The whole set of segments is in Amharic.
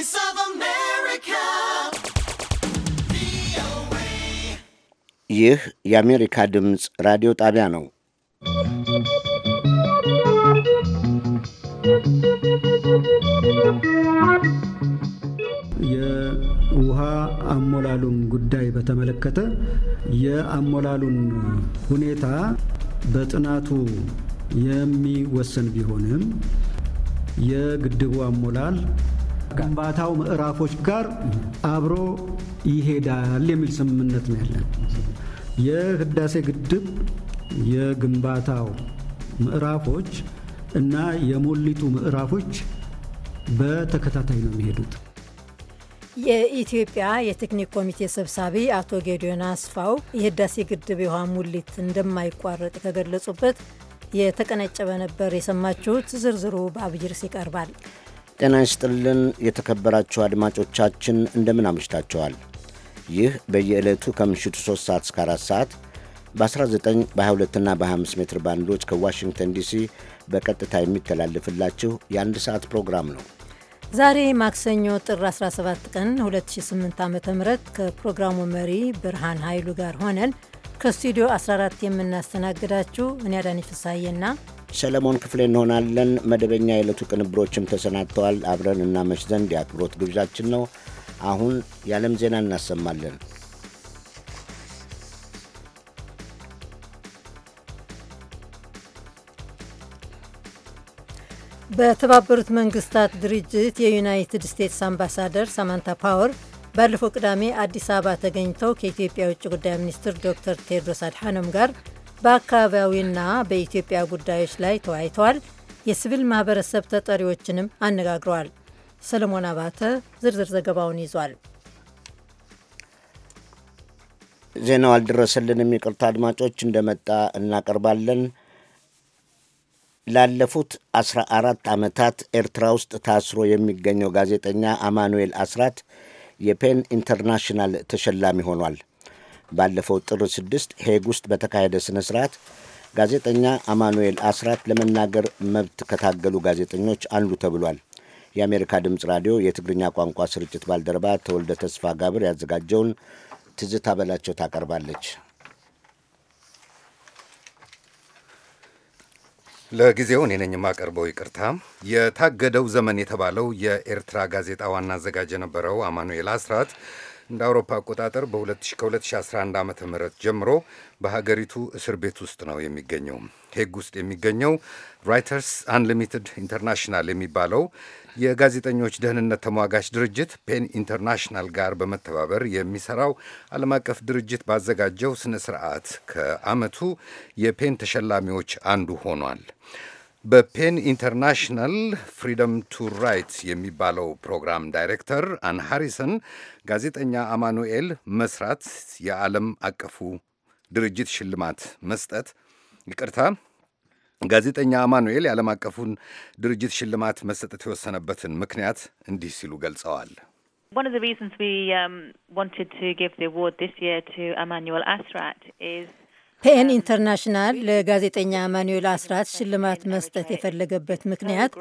Voice of America. ይህ የአሜሪካ ድምፅ ራዲዮ ጣቢያ ነው። የውሃ አሞላሉን ጉዳይ በተመለከተ የአሞላሉን ሁኔታ በጥናቱ የሚወሰን ቢሆንም የግድቡ አሞላል ግንባታው ምዕራፎች ጋር አብሮ ይሄዳል የሚል ስምምነት ነው ያለን። የህዳሴ ግድብ የግንባታው ምዕራፎች እና የሞሊቱ ምዕራፎች በተከታታይ ነው የሚሄዱት። የኢትዮጵያ የቴክኒክ ኮሚቴ ሰብሳቢ አቶ ጌዲዮን አስፋው የህዳሴ ግድብ የውሃ ሙሊት እንደማይቋረጥ ከገለጹበት የተቀነጨበ ነበር የሰማችሁት። ዝርዝሩ በአብይ ርዕስ ይቀርባል። ጤና ይስጥልን የተከበራችሁ አድማጮቻችን እንደምን አምሽታችኋል። ይህ በየዕለቱ ከምሽቱ 3 ሰዓት እስከ 4 ሰዓት በ19 በ22ና በ25 ሜትር ባንዶች ከዋሽንግተን ዲሲ በቀጥታ የሚተላልፍላችሁ የአንድ ሰዓት ፕሮግራም ነው። ዛሬ ማክሰኞ ጥር 17 ቀን 2008 ዓ ም ከፕሮግራሙ መሪ ብርሃን ኃይሉ ጋር ሆነን ከስቱዲዮ 14 የምናስተናግዳችሁ እኔ አዳኒ ፍሳዬና ሰለሞን ክፍሌ እንሆናለን። መደበኛ የዕለቱ ቅንብሮችም ተሰናድተዋል። አብረን እናመሽ ዘንድ የአክብሮት ግብዣችን ነው። አሁን የዓለም ዜና እናሰማለን። በተባበሩት መንግስታት ድርጅት የዩናይትድ ስቴትስ አምባሳደር ሳማንታ ፓወር ባለፈው ቅዳሜ አዲስ አበባ ተገኝተው ከኢትዮጵያ የውጭ ጉዳይ ሚኒስትር ዶክተር ቴድሮስ አድሓኖም ጋር በአካባቢያዊና በኢትዮጵያ ጉዳዮች ላይ ተወያይተዋል። የሲቪል ማህበረሰብ ተጠሪዎችንም አነጋግረዋል። ሰለሞን አባተ ዝርዝር ዘገባውን ይዟል። ዜናው አልደረሰልንም፣ ይቅርታ አድማጮች፣ እንደመጣ እናቀርባለን። ላለፉት አስራ አራት ዓመታት ኤርትራ ውስጥ ታስሮ የሚገኘው ጋዜጠኛ አማኑኤል አስራት የፔን ኢንተርናሽናል ተሸላሚ ሆኗል። ባለፈው ጥር ስድስት ሄግ ውስጥ በተካሄደ ሥነ ሥርዓት ጋዜጠኛ አማኑኤል አስራት ለመናገር መብት ከታገሉ ጋዜጠኞች አንዱ ተብሏል። የአሜሪካ ድምፅ ራዲዮ የትግርኛ ቋንቋ ስርጭት ባልደረባ ተወልደ ተስፋ ጋብር ያዘጋጀውን ትዝታ በላቸው ታቀርባለች። ለጊዜው እኔ ነኝ የማቀርበው። ይቅርታ። የታገደው ዘመን የተባለው የኤርትራ ጋዜጣ ዋና አዘጋጅ የነበረው አማኑኤል አስራት እንደ አውሮፓ አቆጣጠር በ 2011 ዓ ም ጀምሮ በሀገሪቱ እስር ቤት ውስጥ ነው የሚገኘው። ሄግ ውስጥ የሚገኘው ራይተርስ አንሊሚትድ ኢንተርናሽናል የሚባለው የጋዜጠኞች ደህንነት ተሟጋች ድርጅት ፔን ኢንተርናሽናል ጋር በመተባበር የሚሰራው ዓለም አቀፍ ድርጅት ባዘጋጀው ስነ ስርዓት ከአመቱ የፔን ተሸላሚዎች አንዱ ሆኗል። በፔን ኢንተርናሽናል ፍሪደም ቱ ራይት የሚባለው ፕሮግራም ዳይሬክተር አን ሃሪሰን ጋዜጠኛ አማኑኤል መስራት የዓለም አቀፉ ድርጅት ሽልማት መስጠት ይቅርታ ጋዜጠኛ አማኑኤል የዓለም አቀፉን ድርጅት ሽልማት መሰጠት የወሰነበትን ምክንያት እንዲህ ሲሉ ገልጸዋል። um, ፔን um, ኢንተርናሽናል ለጋዜጠኛ አማኑኤል አስራት ሽልማት መስጠት የፈለገበት ምክንያት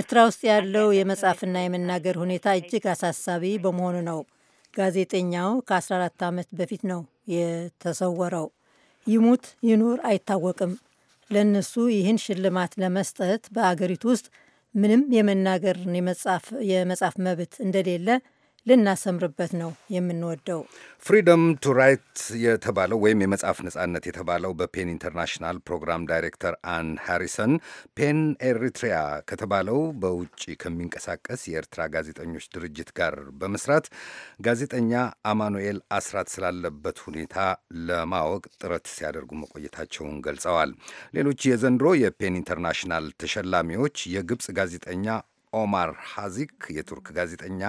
ኤርትራ ውስጥ ያለው የመጻፍና የመናገር ሁኔታ እጅግ አሳሳቢ በመሆኑ ነው። ጋዜጠኛው ከ14 ዓመት በፊት ነው የተሰወረው። ይሙት ይኑር አይታወቅም። ለእነሱ ይህን ሽልማት ለመስጠት በአገሪቱ ውስጥ ምንም የመናገር የመጻፍ መብት እንደሌለ ልናሰምርበት ነው የምንወደው። ፍሪደም ቱ ራይት የተባለው ወይም የመጽሐፍ ነጻነት የተባለው በፔን ኢንተርናሽናል ፕሮግራም ዳይሬክተር አን ሃሪሰን ፔን ኤሪትሪያ ከተባለው በውጭ ከሚንቀሳቀስ የኤርትራ ጋዜጠኞች ድርጅት ጋር በመስራት ጋዜጠኛ አማኑኤል አስራት ስላለበት ሁኔታ ለማወቅ ጥረት ሲያደርጉ መቆየታቸውን ገልጸዋል። ሌሎች የዘንድሮ የፔን ኢንተርናሽናል ተሸላሚዎች የግብፅ ጋዜጠኛ ኦማር ሐዚክ የቱርክ ጋዜጠኛ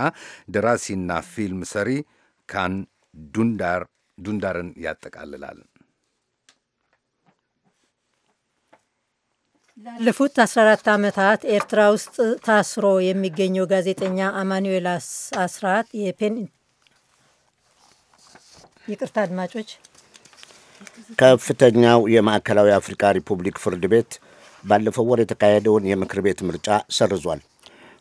ደራሲና ፊልም ሰሪ ካን ዱንዳር ዱንዳርን ያጠቃልላል። ላለፉት 14 ዓመታት ኤርትራ ውስጥ ታስሮ የሚገኘው ጋዜጠኛ አማኑኤል አስራት የፔን ይቅርታ አድማጮች፣ ከፍተኛው የማዕከላዊ አፍሪካ ሪፑብሊክ ፍርድ ቤት ባለፈው ወር የተካሄደውን የምክር ቤት ምርጫ ሰርዟል።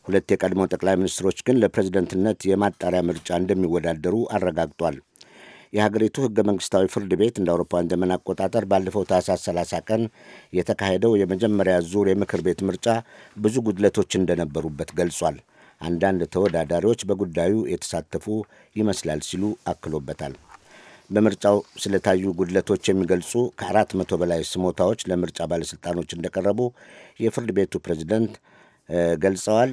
ሁለት የቀድሞ ጠቅላይ ሚኒስትሮች ግን ለፕሬዝደንትነት የማጣሪያ ምርጫ እንደሚወዳደሩ አረጋግጧል። የሀገሪቱ ህገ መንግስታዊ ፍርድ ቤት እንደ አውሮፓውያን ዘመን አቆጣጠር ባለፈው ታህሳስ 30 ቀን የተካሄደው የመጀመሪያ ዙር የምክር ቤት ምርጫ ብዙ ጉድለቶች እንደነበሩበት ገልጿል። አንዳንድ ተወዳዳሪዎች በጉዳዩ የተሳተፉ ይመስላል ሲሉ አክሎበታል። በምርጫው ስለታዩ ጉድለቶች የሚገልጹ ከአራት መቶ በላይ ስሞታዎች ለምርጫ ባለሥልጣኖች እንደቀረቡ የፍርድ ቤቱ ፕሬዝደንት ገልጸዋል።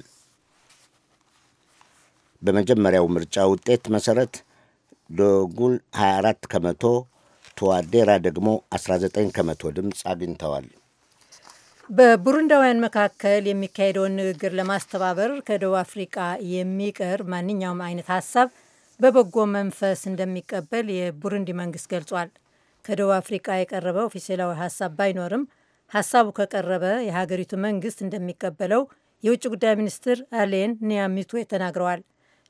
በመጀመሪያው ምርጫ ውጤት መሠረት ዶጉል 24 ከመቶ፣ ቱዋዴራ ደግሞ 19 ከመቶ ድምፅ አግኝተዋል። በቡሩንዳውያን መካከል የሚካሄደውን ንግግር ለማስተባበር ከደቡብ አፍሪቃ የሚቀርብ ማንኛውም አይነት ሀሳብ በበጎ መንፈስ እንደሚቀበል የቡሩንዲ መንግስት ገልጿል። ከደቡብ አፍሪቃ የቀረበ ኦፊሴላዊ ሀሳብ ባይኖርም ሀሳቡ ከቀረበ የሀገሪቱ መንግስት እንደሚቀበለው የውጭ ጉዳይ ሚኒስትር አሌን ኒያሚቱ ተናግረዋል።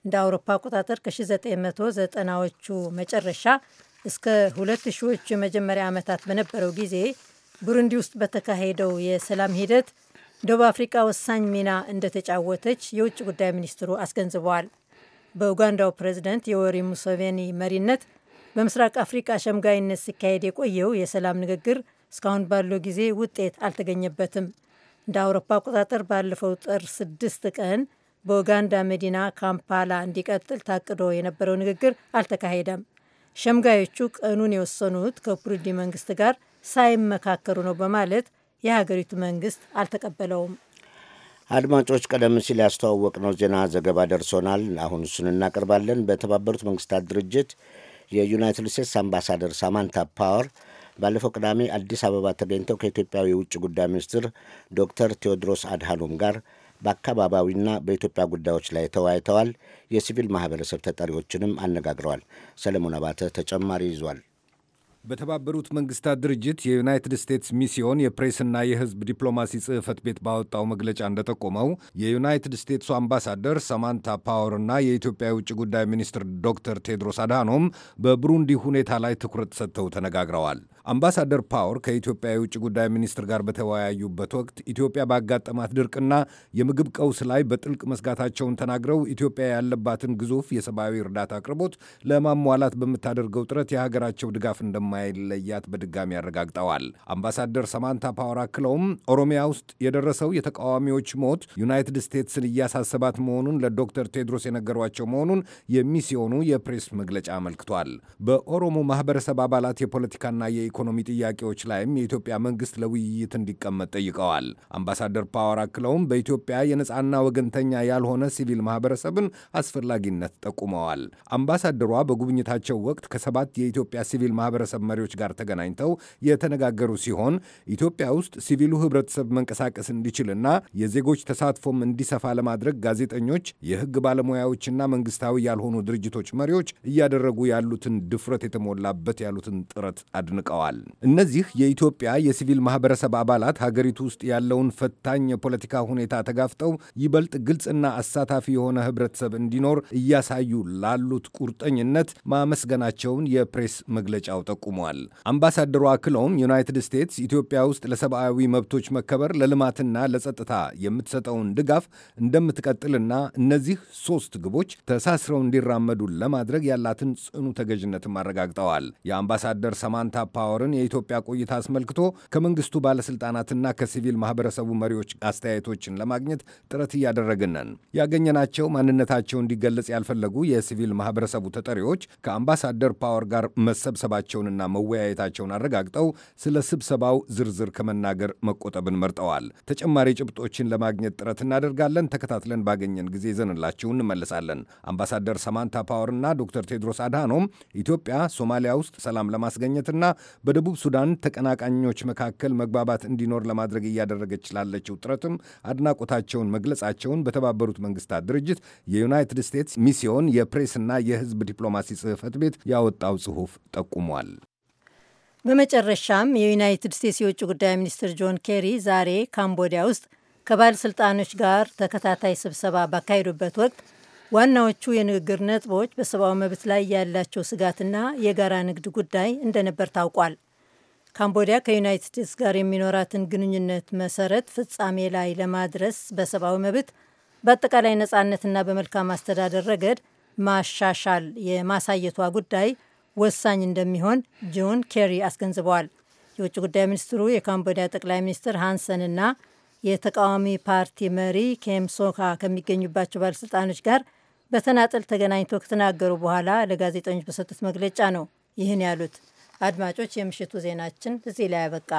እንደ አውሮፓ አቆጣጠር ከ1990ዎቹ መጨረሻ እስከ 2000ዎቹ የመጀመሪያ ዓመታት በነበረው ጊዜ ቡሩንዲ ውስጥ በተካሄደው የሰላም ሂደት ደቡብ አፍሪካ ወሳኝ ሚና እንደተጫወተች የውጭ ጉዳይ ሚኒስትሩ አስገንዝበዋል። በኡጋንዳው ፕሬዚደንት የወሪ ሙሶቬኒ መሪነት በምስራቅ አፍሪካ ሸምጋይነት ሲካሄድ የቆየው የሰላም ንግግር እስካሁን ባለው ጊዜ ውጤት አልተገኘበትም። እንደ አውሮፓ አቆጣጠር ባለፈው ጥር ስድስት ቀን በኡጋንዳ መዲና ካምፓላ እንዲቀጥል ታቅዶ የነበረው ንግግር አልተካሄደም። ሸምጋዮቹ ቀኑን የወሰኑት ከቡሩንዲ መንግስት ጋር ሳይመካከሩ ነው በማለት የሀገሪቱ መንግስት አልተቀበለውም። አድማጮች፣ ቀደም ሲል ያስተዋወቅነው ዜና ዘገባ ደርሶናል። አሁን እሱን እናቀርባለን። በተባበሩት መንግስታት ድርጅት የዩናይትድ ስቴትስ አምባሳደር ሳማንታ ፓወር ባለፈው ቅዳሜ አዲስ አበባ ተገኝተው ከኢትዮጵያ የውጭ ጉዳይ ሚኒስትር ዶክተር ቴዎድሮስ አድሃኖም ጋር በአካባቢያዊና በኢትዮጵያ ጉዳዮች ላይ ተወያይተዋል። የሲቪል ማህበረሰብ ተጠሪዎችንም አነጋግረዋል። ሰለሞን አባተ ተጨማሪ ይዟል። በተባበሩት መንግስታት ድርጅት የዩናይትድ ስቴትስ ሚስዮን የፕሬስና የሕዝብ ዲፕሎማሲ ጽህፈት ቤት ባወጣው መግለጫ እንደጠቆመው የዩናይትድ ስቴትሱ አምባሳደር ሰማንታ እና የኢትዮጵያ የውጭ ጉዳይ ሚኒስትር ዶክተር ቴድሮስ አድሃኖም በብሩንዲ ሁኔታ ላይ ትኩረት ሰጥተው ተነጋግረዋል። አምባሳደር ፓወር ከኢትዮጵያ የውጭ ጉዳይ ሚኒስትር ጋር በተወያዩበት ወቅት ኢትዮጵያ ባጋጠማት ድርቅና የምግብ ቀውስ ላይ በጥልቅ መስጋታቸውን ተናግረው ኢትዮጵያ ያለባትን ግዙፍ የሰብአዊ እርዳታ አቅርቦት ለማሟላት በምታደርገው ጥረት የሀገራቸው ድጋፍ እንደማይለያት በድጋሚ አረጋግጠዋል። አምባሳደር ሰማንታ ፓወር አክለውም ኦሮሚያ ውስጥ የደረሰው የተቃዋሚዎች ሞት ዩናይትድ ስቴትስን እያሳሰባት መሆኑን ለዶክተር ቴድሮስ የነገሯቸው መሆኑን የሚስዮኑ የፕሬስ መግለጫ አመልክቷል። በኦሮሞ ማህበረሰብ አባላት የፖለቲካና የ የኢኮኖሚ ጥያቄዎች ላይም የኢትዮጵያ መንግስት ለውይይት እንዲቀመጥ ጠይቀዋል። አምባሳደር ፓወር አክለውም በኢትዮጵያ የነጻና ወገንተኛ ያልሆነ ሲቪል ማህበረሰብን አስፈላጊነት ጠቁመዋል። አምባሳደሯ በጉብኝታቸው ወቅት ከሰባት የኢትዮጵያ ሲቪል ማህበረሰብ መሪዎች ጋር ተገናኝተው የተነጋገሩ ሲሆን ኢትዮጵያ ውስጥ ሲቪሉ ህብረተሰብ መንቀሳቀስ እንዲችልና የዜጎች ተሳትፎም እንዲሰፋ ለማድረግ ጋዜጠኞች፣ የህግ ባለሙያዎችና መንግስታዊ ያልሆኑ ድርጅቶች መሪዎች እያደረጉ ያሉትን ድፍረት የተሞላበት ያሉትን ጥረት አድንቀዋል። ብለዋል። እነዚህ የኢትዮጵያ የሲቪል ማህበረሰብ አባላት ሀገሪቱ ውስጥ ያለውን ፈታኝ የፖለቲካ ሁኔታ ተጋፍጠው ይበልጥ ግልጽና አሳታፊ የሆነ ህብረተሰብ እንዲኖር እያሳዩ ላሉት ቁርጠኝነት ማመስገናቸውን የፕሬስ መግለጫው ጠቁሟል። አምባሳደሩ አክለውም ዩናይትድ ስቴትስ ኢትዮጵያ ውስጥ ለሰብአዊ መብቶች መከበር ለልማትና ለጸጥታ የምትሰጠውን ድጋፍ እንደምትቀጥልና እነዚህ ሶስት ግቦች ተሳስረው እንዲራመዱ ለማድረግ ያላትን ጽኑ ተገዥነትም አረጋግጠዋል። የአምባሳደር ሰማንታ ፓወር አወርን የኢትዮጵያ ቆይታ አስመልክቶ ከመንግስቱ ባለስልጣናትና ከሲቪል ማህበረሰቡ መሪዎች አስተያየቶችን ለማግኘት ጥረት እያደረግነን ያገኘናቸው ማንነታቸው እንዲገለጽ ያልፈለጉ የሲቪል ማህበረሰቡ ተጠሪዎች ከአምባሳደር ፓወር ጋር መሰብሰባቸውንና መወያየታቸውን አረጋግጠው ስለ ስብሰባው ዝርዝር ከመናገር መቆጠብን መርጠዋል። ተጨማሪ ጭብጦችን ለማግኘት ጥረት እናደርጋለን። ተከታትለን ባገኘን ጊዜ ይዘንላችሁ እንመለሳለን። አምባሳደር ሰማንታ ፓወርና ዶክተር ቴድሮስ አድሃኖም ኢትዮጵያ ሶማሊያ ውስጥ ሰላም ለማስገኘትና በደቡብ ሱዳን ተቀናቃኞች መካከል መግባባት እንዲኖር ለማድረግ እያደረገች ላለችው ጥረትም አድናቆታቸውን መግለጻቸውን በተባበሩት መንግስታት ድርጅት የዩናይትድ ስቴትስ ሚስዮን የፕሬስና የህዝብ ዲፕሎማሲ ጽህፈት ቤት ያወጣው ጽሑፍ ጠቁሟል። በመጨረሻም የዩናይትድ ስቴትስ የውጭ ጉዳይ ሚኒስትር ጆን ኬሪ ዛሬ ካምቦዲያ ውስጥ ከባለሥልጣኖች ጋር ተከታታይ ስብሰባ ባካሄዱበት ወቅት ዋናዎቹ የንግግር ነጥቦች በሰብአዊ መብት ላይ ያላቸው ስጋትና የጋራ ንግድ ጉዳይ እንደነበር ታውቋል። ካምቦዲያ ከዩናይትድ ስቴትስ ጋር የሚኖራትን ግንኙነት መሰረት ፍጻሜ ላይ ለማድረስ በሰብአዊ መብት፣ በአጠቃላይ ነጻነትና በመልካም አስተዳደር ረገድ ማሻሻል የማሳየቷ ጉዳይ ወሳኝ እንደሚሆን ጆን ኬሪ አስገንዝበዋል። የውጭ ጉዳይ ሚኒስትሩ የካምቦዲያ ጠቅላይ ሚኒስትር ሃንሰን እና የተቃዋሚ ፓርቲ መሪ ኬም ሶካ ከሚገኙባቸው ባለስልጣኖች ጋር በተናጠል ተገናኝተው ከተናገሩ በኋላ ለጋዜጠኞች በሰጡት መግለጫ ነው ይህን ያሉት። አድማጮች፣ የምሽቱ ዜናችን እዚህ ላይ ያበቃ።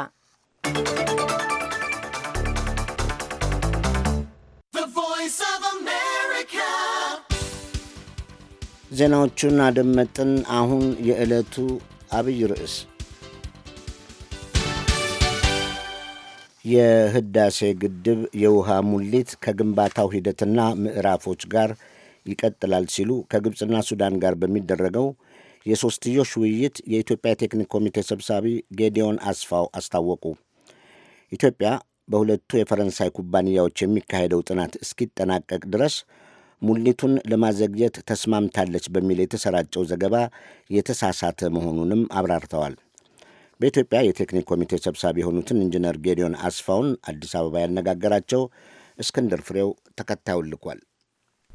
ዜናዎቹን አደመጥን። አሁን የዕለቱ አብይ ርዕስ የህዳሴ ግድብ የውሃ ሙሊት ከግንባታው ሂደትና ምዕራፎች ጋር ይቀጥላል ሲሉ ከግብፅና ሱዳን ጋር በሚደረገው የሦስትዮሽ ውይይት የኢትዮጵያ ቴክኒክ ኮሚቴ ሰብሳቢ ጌዲዮን አስፋው አስታወቁ። ኢትዮጵያ በሁለቱ የፈረንሳይ ኩባንያዎች የሚካሄደው ጥናት እስኪጠናቀቅ ድረስ ሙሊቱን ለማዘግየት ተስማምታለች በሚል የተሰራጨው ዘገባ የተሳሳተ መሆኑንም አብራርተዋል። በኢትዮጵያ የቴክኒክ ኮሚቴ ሰብሳቢ የሆኑትን ኢንጂነር ጌዲዮን አስፋውን አዲስ አበባ ያነጋገራቸው እስክንድር ፍሬው ተከታዩን ልኳል።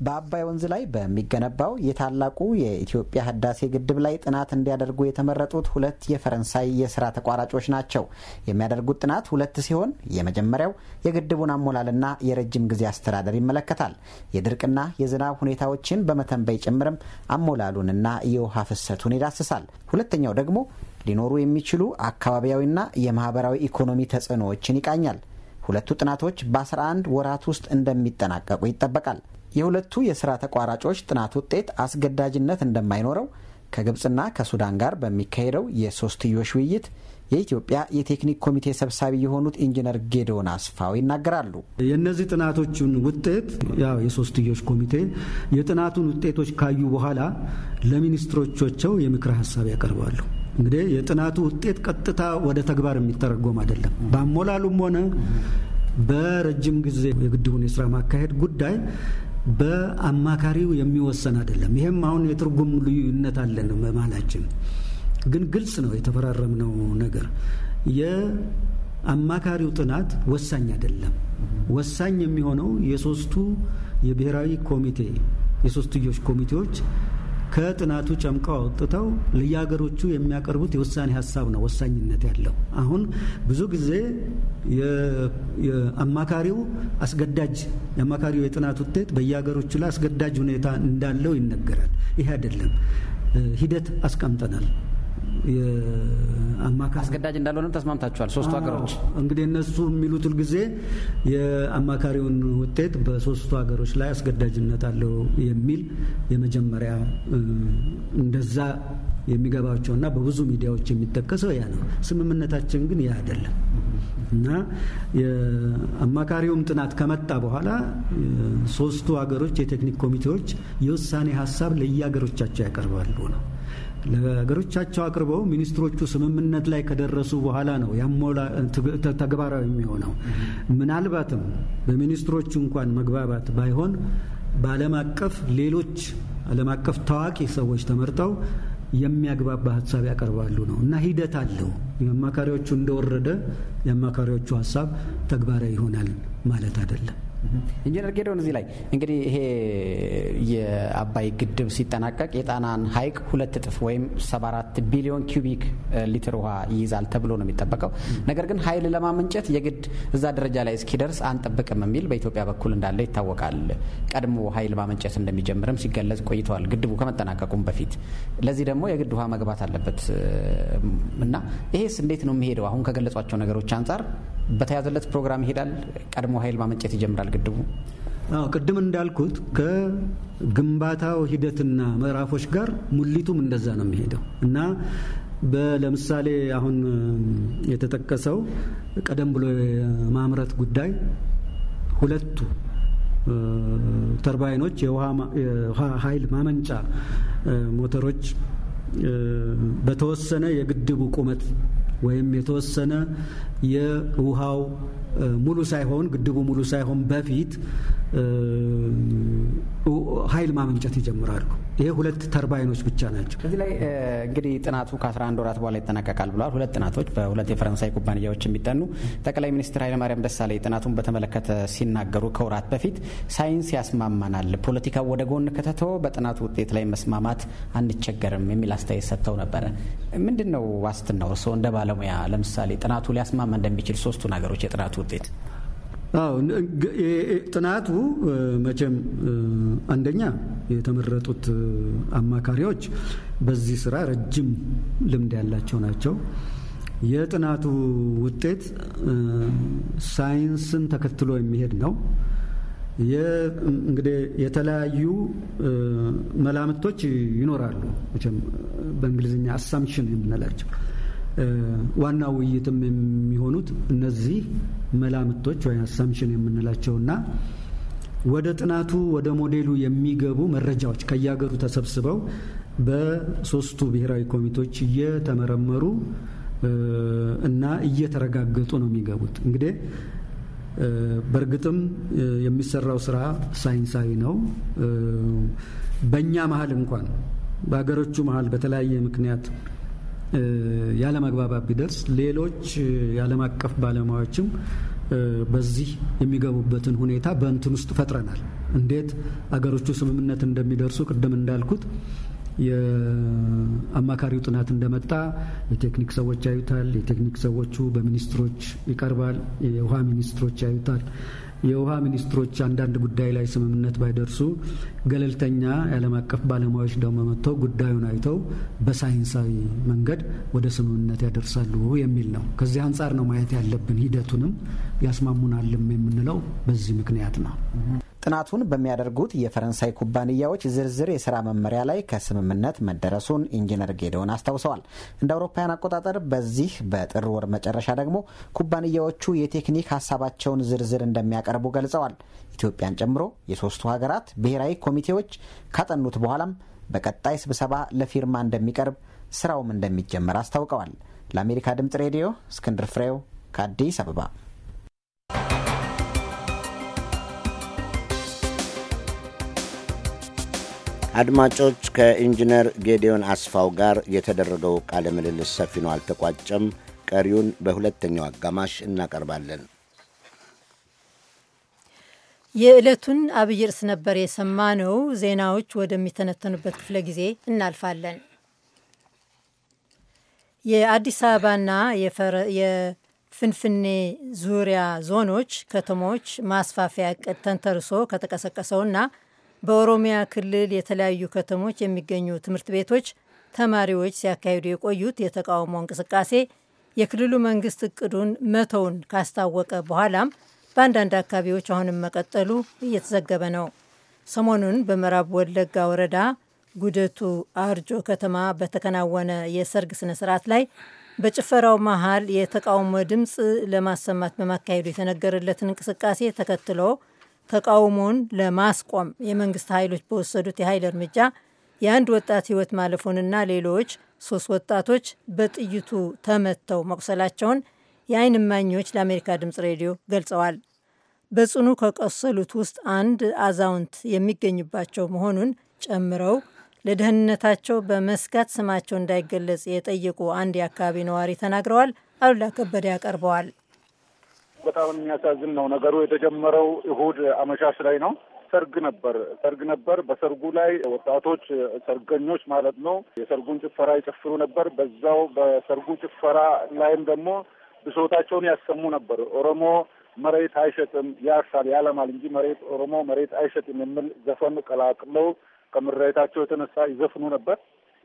በአባይ ወንዝ ላይ በሚገነባው የታላቁ የኢትዮጵያ ህዳሴ ግድብ ላይ ጥናት እንዲያደርጉ የተመረጡት ሁለት የፈረንሳይ የስራ ተቋራጮች ናቸው። የሚያደርጉት ጥናት ሁለት ሲሆን የመጀመሪያው የግድቡን አሞላልና የረጅም ጊዜ አስተዳደር ይመለከታል። የድርቅና የዝናብ ሁኔታዎችን በመተንበይ ጭምርም አሞላሉንና የውሃ ፍሰቱን ይዳስሳል። ሁለተኛው ደግሞ ሊኖሩ የሚችሉ አካባቢያዊና የማህበራዊ ኢኮኖሚ ተጽዕኖዎችን ይቃኛል። ሁለቱ ጥናቶች በ11 ወራት ውስጥ እንደሚጠናቀቁ ይጠበቃል። የሁለቱ የሥራ ተቋራጮች ጥናት ውጤት አስገዳጅነት እንደማይኖረው ከግብፅና ከሱዳን ጋር በሚካሄደው የሶስትዮሽ ውይይት የኢትዮጵያ የቴክኒክ ኮሚቴ ሰብሳቢ የሆኑት ኢንጂነር ጌዶን አስፋው ይናገራሉ። የእነዚህ ጥናቶችን ውጤት ያው የሶስትዮሽ ኮሚቴ የጥናቱን ውጤቶች ካዩ በኋላ ለሚኒስትሮቻቸው የምክረ ሀሳብ ያቀርባሉ። እንግዲህ የጥናቱ ውጤት ቀጥታ ወደ ተግባር የሚተረጎም አይደለም። በአሞላሉም ሆነ በረጅም ጊዜ የግድቡን የስራ ማካሄድ ጉዳይ በአማካሪው የሚወሰን አይደለም። ይሄም አሁን የትርጉም ልዩነት አለን በማላችን ግን ግልጽ ነው የተፈራረምነው ነገር የአማካሪው ጥናት ወሳኝ አይደለም። ወሳኝ የሚሆነው የሶስቱ የብሔራዊ ኮሚቴ የሶስትዮሽ ኮሚቴዎች ከጥናቱ ጨምቀው አውጥተው ለየሀገሮቹ የሚያቀርቡት የውሳኔ ሀሳብ ነው ወሳኝነት ያለው። አሁን ብዙ ጊዜ የአማካሪው አስገዳጅ የአማካሪው የጥናት ውጤት በየሀገሮቹ ላይ አስገዳጅ ሁኔታ እንዳለው ይነገራል። ይሄ አይደለም። ሂደት አስቀምጠናል። አማካሪ አስገዳጅ እንዳልሆነም ተስማምታችኋል። ሶስቱ ሀገሮች እንግዲህ እነሱ የሚሉት ሁልጊዜ የአማካሪውን ውጤት በሶስቱ ሀገሮች ላይ አስገዳጅነት አለው የሚል የመጀመሪያ እንደዛ የሚገባቸውና በብዙ ሚዲያዎች የሚጠቀሰው ያ ነው። ስምምነታችን ግን ያ አይደለም እና የአማካሪውም ጥናት ከመጣ በኋላ ሶስቱ ሀገሮች የቴክኒክ ኮሚቴዎች የውሳኔ ሀሳብ ለየሀገሮቻቸው ያቀርባሉ ነው ለሀገሮቻቸው አቅርበው ሚኒስትሮቹ ስምምነት ላይ ከደረሱ በኋላ ነው ያሞላ ተግባራዊ የሚሆነው። ምናልባትም በሚኒስትሮቹ እንኳን መግባባት ባይሆን በዓለም አቀፍ ሌሎች ዓለም አቀፍ ታዋቂ ሰዎች ተመርጠው የሚያግባባ ሀሳብ ያቀርባሉ ነው እና ሂደት አለው። የአማካሪዎቹ እንደወረደ የአማካሪዎቹ ሀሳብ ተግባራዊ ይሆናል ማለት አይደለም። ኢንጂነር ጌዶን እዚህ ላይ እንግዲህ ይሄ የአባይ ግድብ ሲጠናቀቅ የጣናን ሀይቅ ሁለት እጥፍ ወይም 74 ቢሊዮን ኪዩቢክ ሊትር ውሃ ይይዛል ተብሎ ነው የሚጠበቀው። ነገር ግን ኃይል ለማመንጨት የግድ እዛ ደረጃ ላይ እስኪደርስ አንጠብቅም የሚል በኢትዮጵያ በኩል እንዳለ ይታወቃል። ቀድሞ ኃይል ማመንጨት እንደሚጀምርም ሲገለጽ ቆይተዋል፣ ግድቡ ከመጠናቀቁም በፊት። ለዚህ ደግሞ የግድ ውሃ መግባት አለበት እና ይሄስ እንዴት ነው የሚሄደው? አሁን ከገለጿቸው ነገሮች አንጻር በተያዘለት ፕሮግራም ይሄዳል፣ ቀድሞ ሀይል ማመንጨት ይጀምራል ይጀምራል ግድቡ? አዎ ቅድም እንዳልኩት ከግንባታው ሂደትና ምዕራፎች ጋር ሙሊቱም እንደዛ ነው የሚሄደው እና ለምሳሌ አሁን የተጠቀሰው ቀደም ብሎ የማምረት ጉዳይ ሁለቱ ተርባይኖች የውሃ ኃይል ማመንጫ ሞተሮች በተወሰነ የግድቡ ቁመት ወይም የተወሰነ የውሃው ሙሉ ሳይሆን ግድቡ ሙሉ ሳይሆን በፊት ኃይል ማመንጨት ይጀምራሉ። ይሄ ሁለት ተርባይኖች ብቻ ናቸው። እዚህ ላይ እንግዲህ ጥናቱ ከ11 ወራት በኋላ ይጠናቀቃል ብለዋል። ሁለት ጥናቶች በሁለት የፈረንሳይ ኩባንያዎች የሚጠኑ ጠቅላይ ሚኒስትር ኃይለማርያም ደሳለኝ ጥናቱን በተመለከተ ሲናገሩ ከወራት በፊት ሳይንስ ያስማማናል፣ ፖለቲካው ወደ ጎን ከተቶ በጥናቱ ውጤት ላይ መስማማት አንቸገርም የሚል አስተያየት ሰጥተው ነበረ። ምንድን ነው ዋስትናው እርስዎ እንደ ባለሙያ? ለምሳሌ ጥናቱ ሊያስማ ሊስማማ እንደሚችል ሶስቱ ነገሮች የጥናቱ ውጤት? ጥናቱ መቼም አንደኛ የተመረጡት አማካሪዎች በዚህ ስራ ረጅም ልምድ ያላቸው ናቸው። የጥናቱ ውጤት ሳይንስን ተከትሎ የሚሄድ ነው። እንግዲህ የተለያዩ መላምቶች ይኖራሉ። መቼም በእንግሊዝኛ አሳምሽን የምንላቸው ዋና ውይይትም የሚሆኑት እነዚህ መላምቶች ወይ አሳምሽን የምንላቸውና ወደ ጥናቱ ወደ ሞዴሉ የሚገቡ መረጃዎች ከየሀገሩ ተሰብስበው በሶስቱ ብሔራዊ ኮሚቴዎች እየተመረመሩ እና እየተረጋገጡ ነው የሚገቡት። እንግዲህ በእርግጥም የሚሰራው ስራ ሳይንሳዊ ነው። በእኛ መሀል እንኳን በሀገሮቹ መሀል በተለያየ ምክንያት ያለመግባባት ቢደርስ ሌሎች የዓለም አቀፍ ባለሙያዎችም በዚህ የሚገቡበትን ሁኔታ በእንትን ውስጥ ፈጥረናል። እንዴት አገሮቹ ስምምነት እንደሚደርሱ ቅድም እንዳልኩት የአማካሪው ጥናት እንደመጣ የቴክኒክ ሰዎች ያዩታል። የቴክኒክ ሰዎቹ በሚኒስትሮች ይቀርባል። የውሃ ሚኒስትሮች ያዩታል። የውሃ ሚኒስትሮች አንዳንድ ጉዳይ ላይ ስምምነት ባይደርሱ ገለልተኛ የዓለም አቀፍ ባለሙያዎች ደግሞ መጥተው ጉዳዩን አይተው በሳይንሳዊ መንገድ ወደ ስምምነት ያደርሳሉ የሚል ነው። ከዚህ አንጻር ነው ማየት ያለብን። ሂደቱንም ያስማሙናልም የምንለው በዚህ ምክንያት ነው። ጥናቱን በሚያደርጉት የፈረንሳይ ኩባንያዎች ዝርዝር የስራ መመሪያ ላይ ከስምምነት መደረሱን ኢንጂነር ጌዲዮን አስታውሰዋል። እንደ አውሮፓውያን አቆጣጠር በዚህ በጥር ወር መጨረሻ ደግሞ ኩባንያዎቹ የቴክኒክ ሀሳባቸውን ዝርዝር እንደሚያቀርቡ ገልጸዋል። ኢትዮጵያን ጨምሮ የሶስቱ ሀገራት ብሔራዊ ኮሚቴዎች ካጠኑት በኋላም በቀጣይ ስብሰባ ለፊርማ እንደሚቀርብ ስራውም እንደሚጀመር አስታውቀዋል። ለአሜሪካ ድምጽ ሬዲዮ እስክንድር ፍሬው ከአዲስ አበባ አድማጮች ከኢንጂነር ጌዲዮን አስፋው ጋር የተደረገው ቃለ ምልልስ ሰፊ ነው፣ አልተቋጨም። ቀሪውን በሁለተኛው አጋማሽ እናቀርባለን። የዕለቱን አብይ ርዕስ ነበር የሰማነው። ዜናዎች ወደሚተነተኑበት ክፍለ ጊዜ እናልፋለን። የአዲስ አበባና የፍንፍኔ ዙሪያ ዞኖች ከተሞች ማስፋፊያ እቅድ ተንተርሶ ከተቀሰቀሰውና በኦሮሚያ ክልል የተለያዩ ከተሞች የሚገኙ ትምህርት ቤቶች ተማሪዎች ሲያካሂዱ የቆዩት የተቃውሞ እንቅስቃሴ የክልሉ መንግስት እቅዱን መተውን ካስታወቀ በኋላም በአንዳንድ አካባቢዎች አሁንም መቀጠሉ እየተዘገበ ነው። ሰሞኑን በምዕራብ ወለጋ ወረዳ ጉደቱ አርጆ ከተማ በተከናወነ የሰርግ ስነ ስርዓት ላይ በጭፈራው መሀል የተቃውሞ ድምፅ ለማሰማት በማካሄዱ የተነገረለትን እንቅስቃሴ ተከትሎ ተቃውሞውን ለማስቆም የመንግስት ኃይሎች በወሰዱት የኃይል እርምጃ የአንድ ወጣት ህይወት ማለፉንና ሌሎች ሶስት ወጣቶች በጥይቱ ተመተው መቁሰላቸውን የአይን እማኞች ለአሜሪካ ድምፅ ሬዲዮ ገልጸዋል። በጽኑ ከቆሰሉት ውስጥ አንድ አዛውንት የሚገኙባቸው መሆኑን ጨምረው ለደህንነታቸው በመስጋት ስማቸው እንዳይገለጽ የጠየቁ አንድ የአካባቢ ነዋሪ ተናግረዋል። አሉላ ከበደ ያቀርበዋል። በጣም የሚያሳዝን ነው ነገሩ። የተጀመረው እሁድ አመሻሽ ላይ ነው። ሰርግ ነበር፣ ሰርግ ነበር። በሰርጉ ላይ ወጣቶች ሰርገኞች ማለት ነው የሰርጉን ጭፈራ ይጨፍሩ ነበር። በዛው በሰርጉ ጭፈራ ላይም ደግሞ ብሶታቸውን ያሰሙ ነበር። ኦሮሞ መሬት አይሸጥም ያርሳል፣ ያለማል እንጂ መሬት ኦሮሞ መሬት አይሸጥም የሚል ዘፈን ቀላቅለው ከምሬታቸው የተነሳ ይዘፍኑ ነበር።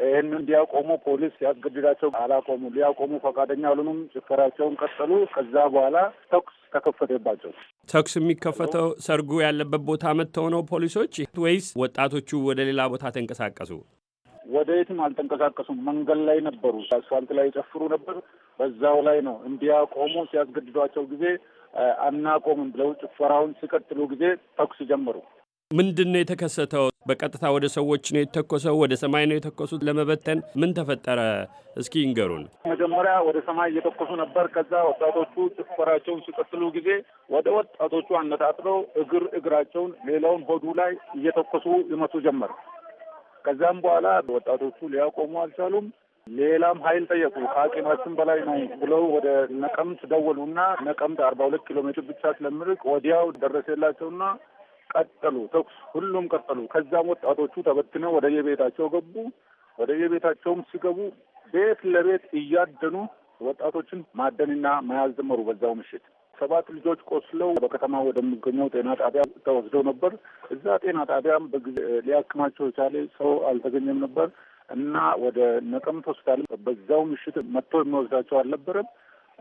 ይህን እንዲያቆሙ ፖሊስ ሲያስገድዳቸው አላቆሙ፣ ሊያቆሙ ፈቃደኛ አልሆኑም። ጭከራቸውን ቀጠሉ። ከዛ በኋላ ተኩስ ተከፈተባቸው። ተኩስ የሚከፈተው ሰርጉ ያለበት ቦታ መጥተው ነው ፖሊሶች ወይስ ወጣቶቹ ወደ ሌላ ቦታ ተንቀሳቀሱ? ወደ የትም አልተንቀሳቀሱም። መንገድ ላይ ነበሩ። አስፋልት ላይ የጨፍሩ ነበር። በዛው ላይ ነው እንዲያቆሙ ሲያስገድዷቸው ጊዜ አናቆምም ብለው ጭፈራውን ሲቀጥሉ ጊዜ ተኩስ ጀመሩ። ምንድን ነው የተከሰተው? በቀጥታ ወደ ሰዎች ነው የተኮሰው? ወደ ሰማይ ነው የተኮሱት ለመበተን? ምን ተፈጠረ? እስኪ ይንገሩን። መጀመሪያ ወደ ሰማይ እየተኮሱ ነበር። ከዛ ወጣቶቹ ጭፈራቸውን ሲቀጥሉ ጊዜ ወደ ወጣቶቹ አነጣጥረው እግር እግራቸውን፣ ሌላውን ሆዱ ላይ እየተኮሱ ይመቱ ጀመር። ከዛም በኋላ ወጣቶቹ ሊያቆሙ አልቻሉም። ሌላም ኃይል ጠየቁ። ከአቅማችን በላይ ነው ብለው ወደ ነቀምት ደወሉና ነቀምት አርባ ሁለት ኪሎ ሜትር ብቻ ስለምርቅ ወዲያው ደረሰላቸውና ቀጠሉ። ተኩስ ሁሉም ቀጠሉ። ከዛም ወጣቶቹ ተበትነው ወደ የቤታቸው ገቡ። ወደ የቤታቸውም ሲገቡ ቤት ለቤት እያደኑ ወጣቶችን ማደንና መያዝ ጀመሩ። በዛው ምሽት ሰባት ልጆች ቆስለው በከተማ ወደሚገኘው ጤና ጣቢያ ተወስደው ነበር። እዛ ጤና ጣቢያም በጊዜ ሊያክማቸው የቻለ ሰው አልተገኘም ነበር እና ወደ ነቀምት ሆስፒታል በዛው ምሽት መጥቶ የሚወስዳቸው አልነበረም።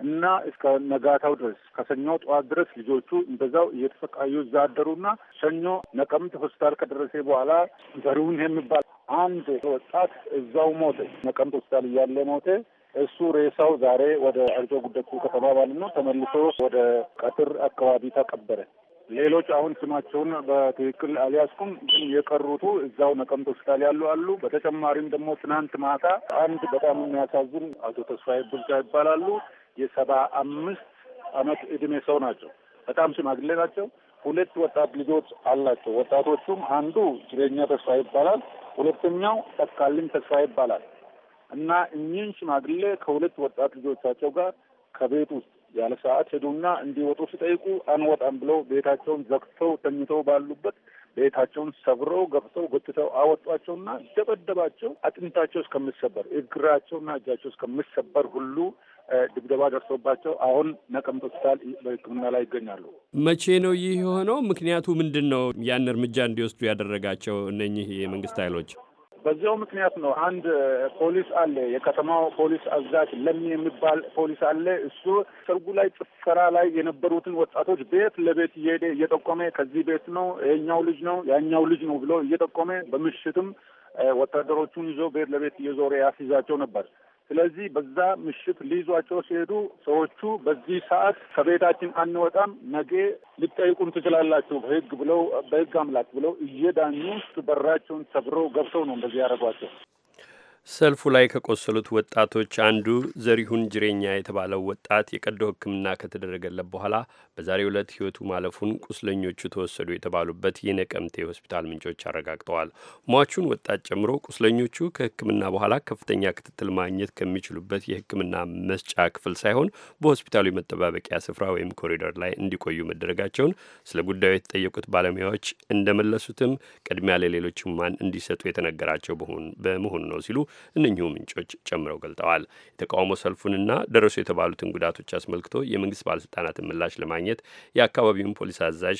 እና እስከ ነጋታው ድረስ ከሰኞ ጠዋት ድረስ ልጆቹ እንደዛው እየተሰቃዩ እዛ አደሩና ሰኞ ነቀምት ሆስፒታል ከደረሰ በኋላ ዘሪሁን የሚባል አንድ ወጣት እዛው ሞተ። ነቀምት ሆስፒታል እያለ ሞተ። እሱ ሬሳው ዛሬ ወደ አርጆ ጉደቱ ከተማ ባል ነው ተመልሶ ወደ ቀትር አካባቢ ተቀበረ። ሌሎች አሁን ስማቸውን በትክክል አልያዝኩም፣ ግን የቀሩቱ እዛው ነቀምት ሆስፒታል ያሉ አሉ። በተጨማሪም ደግሞ ትናንት ማታ አንድ በጣም የሚያሳዝን አቶ ተስፋዬ ቡልቻ ይባላሉ የሰባ አምስት አመት እድሜ ሰው ናቸው። በጣም ሽማግሌ ናቸው። ሁለት ወጣት ልጆች አላቸው። ወጣቶቹም አንዱ ጅሬኛ ተስፋ ይባላል፣ ሁለተኛው ጠካልኝ ተስፋ ይባላል እና እኚህን ሽማግሌ ከሁለት ወጣት ልጆቻቸው ጋር ከቤት ውስጥ ያለ ሰዓት ሄዱና እንዲወጡ ሲጠይቁ አንወጣም ብለው ቤታቸውን ዘግተው ተኝተው ባሉበት ቤታቸውን ሰብረው ገብተው ጎትተው አወጧቸውና ደበደባቸው። አጥንታቸው እስከምሰበር እግራቸውና እጃቸው እስከምሰበር ሁሉ ድብደባ ደርሶባቸው አሁን ነቀምት ሆስፒታል በሕክምና ላይ ይገኛሉ። መቼ ነው ይህ የሆነው? ምክንያቱ ምንድን ነው? ያን እርምጃ እንዲወስዱ ያደረጋቸው እነኚህ የመንግስት ኃይሎች በዚያው ምክንያት ነው። አንድ ፖሊስ አለ፣ የከተማው ፖሊስ አዛዥ ለሚ የሚባል ፖሊስ አለ። እሱ ሰርጉ ላይ ጭፈራ ላይ የነበሩትን ወጣቶች ቤት ለቤት እየሄደ እየጠቆመ ከዚህ ቤት ነው ይሄኛው ልጅ ነው ያኛው ልጅ ነው ብሎ እየጠቆመ በምሽትም ወታደሮቹን ይዞ ቤት ለቤት እየዞረ ያስይዛቸው ነበር። ስለዚህ በዛ ምሽት ሊይዟቸው ሲሄዱ ሰዎቹ በዚህ ሰዓት ከቤታችን አንወጣም፣ ነገ ልጠይቁን ትችላላችሁ በህግ ብለው በህግ አምላክ ብለው እየዳኙ በራቸውን ሰብረው ገብተው ነው እንደዚህ ያደረጓቸው። ሰልፉ ላይ ከቆሰሉት ወጣቶች አንዱ ዘሪሁን ጅሬኛ የተባለው ወጣት የቀዶ ሕክምና ከተደረገለት በኋላ በዛሬው ዕለት ሕይወቱ ማለፉን ቁስለኞቹ ተወሰዱ የተባሉበት የነቀምቴ ሆስፒታል ምንጮች አረጋግጠዋል። ሟቹን ወጣት ጨምሮ ቁስለኞቹ ከሕክምና በኋላ ከፍተኛ ክትትል ማግኘት ከሚችሉበት የሕክምና መስጫ ክፍል ሳይሆን በሆስፒታሉ የመጠባበቂያ ስፍራ ወይም ኮሪደር ላይ እንዲቆዩ መደረጋቸውን ስለ ጉዳዩ የተጠየቁት ባለሙያዎች እንደመለሱትም ቅድሚያ ለሌሎች ማን እንዲሰጡ የተነገራቸው በመሆኑ ነው ሲሉ እነኚሁ ምንጮች ጨምረው ገልጠዋል። የተቃውሞ ሰልፉንና ደረሱ የተባሉትን ጉዳቶች አስመልክቶ የመንግስት ባለስልጣናትን ምላሽ ለማግኘት የአካባቢውን ፖሊስ አዛዥ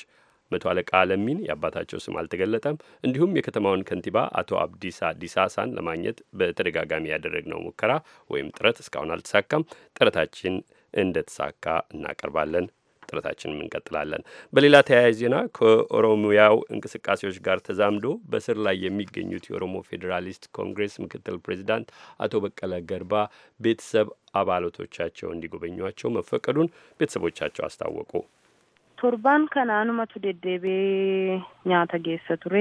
መቶ አለቃ አለሚን የአባታቸው ስም አልተገለጠም፣ እንዲሁም የከተማውን ከንቲባ አቶ አብዲሳ ዲሳሳን ለማግኘት በተደጋጋሚ ያደረግነው ሙከራ ወይም ጥረት እስካሁን አልተሳካም። ጥረታችን እንደተሳካ እናቀርባለን። ጥረታችንም እንቀጥላለን። በሌላ ተያያዥ ዜና ከኦሮሚያው እንቅስቃሴዎች ጋር ተዛምዶ በስር ላይ የሚገኙት የኦሮሞ ፌዴራሊስት ኮንግሬስ ምክትል ፕሬዚዳንት አቶ በቀለ ገርባ ቤተሰብ አባላቶቻቸው እንዲጎበኟቸው መፈቀዱን ቤተሰቦቻቸው አስታወቁ። ቶርባን ከናኑመቱ ደደቤ ኛተ ጌሰ ቱሬ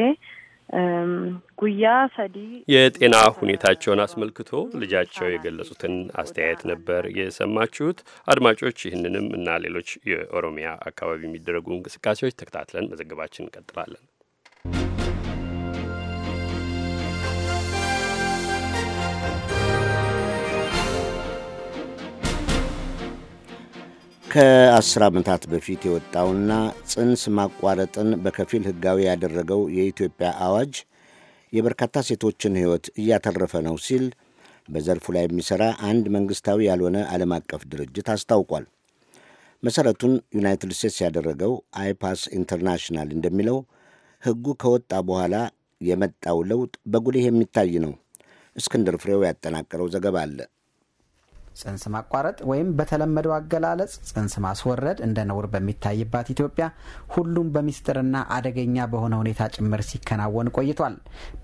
ጉያ ሰዲ የጤና ሁኔታቸውን አስመልክቶ ልጃቸው የገለጹትን አስተያየት ነበር የሰማችሁት። አድማጮች፣ ይህንንም እና ሌሎች የኦሮሚያ አካባቢ የሚደረጉ እንቅስቃሴዎች ተከታትለን መዘገባችን እንቀጥላለን። ከአስር ዓመታት በፊት የወጣውና ጽንስ ማቋረጥን በከፊል ሕጋዊ ያደረገው የኢትዮጵያ አዋጅ የበርካታ ሴቶችን ሕይወት እያተረፈ ነው ሲል በዘርፉ ላይ የሚሠራ አንድ መንግሥታዊ ያልሆነ ዓለም አቀፍ ድርጅት አስታውቋል። መሠረቱን ዩናይትድ ስቴትስ ያደረገው አይፓስ ኢንተርናሽናል እንደሚለው ሕጉ ከወጣ በኋላ የመጣው ለውጥ በጉልህ የሚታይ ነው። እስክንድር ፍሬው ያጠናቀረው ዘገባ አለ። ጽንስ ማቋረጥ ወይም በተለመደው አገላለጽ ጽንስ ማስወረድ እንደ ነውር በሚታይባት ኢትዮጵያ ሁሉም በሚስጥርና አደገኛ በሆነ ሁኔታ ጭምር ሲከናወን ቆይቷል።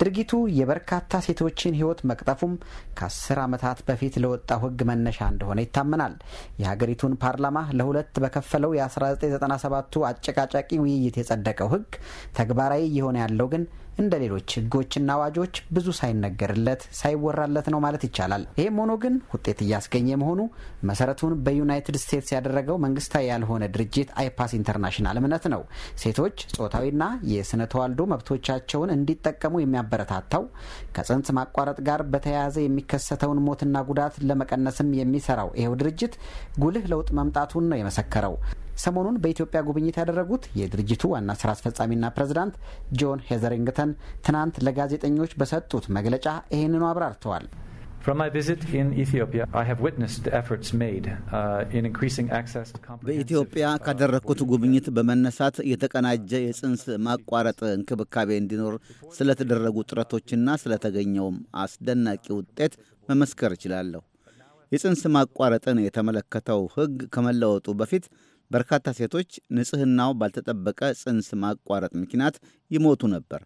ድርጊቱ የበርካታ ሴቶችን ሕይወት መቅጠፉም ከአስር ዓመታት በፊት ለወጣው ሕግ መነሻ እንደሆነ ይታመናል። የሀገሪቱን ፓርላማ ለሁለት በከፈለው የ1997ቱ አጨቃጫቂ ውይይት የጸደቀው ሕግ ተግባራዊ እየሆነ ያለው ግን እንደ ሌሎች ህጎችና አዋጆች ብዙ ሳይነገርለት ሳይወራለት ነው ማለት ይቻላል። ይህም ሆኖ ግን ውጤት እያስገኘ መሆኑ መሰረቱን በዩናይትድ ስቴትስ ያደረገው መንግስታዊ ያልሆነ ድርጅት አይፓስ ኢንተርናሽናል እምነት ነው። ሴቶች ጾታዊና የስነ ተዋልዶ መብቶቻቸውን እንዲጠቀሙ የሚያበረታታው ከጽንስ ማቋረጥ ጋር በተያያዘ የሚከሰተውን ሞትና ጉዳት ለመቀነስም የሚሰራው ይኸው ድርጅት ጉልህ ለውጥ መምጣቱን ነው የመሰከረው። ሰሞኑን በኢትዮጵያ ጉብኝት ያደረጉት የድርጅቱ ዋና ስራ አስፈጻሚና ፕሬዝዳንት ጆን ሄዘሪንግተን ትናንት ለጋዜጠኞች በሰጡት መግለጫ ይህንኑ አብራርተዋል። uh, በኢትዮጵያ ካደረግኩት ጉብኝት በመነሳት የተቀናጀ የጽንስ ማቋረጥ እንክብካቤ እንዲኖር ስለተደረጉ ጥረቶችና ስለተገኘውም አስደናቂ ውጤት መመስከር እችላለሁ። የጽንስ ማቋረጥን የተመለከተው ሕግ ከመለወጡ በፊት በርካታ ሴቶች ንጽህናው ባልተጠበቀ ጽንስ ማቋረጥ ምክንያት ይሞቱ ነበር።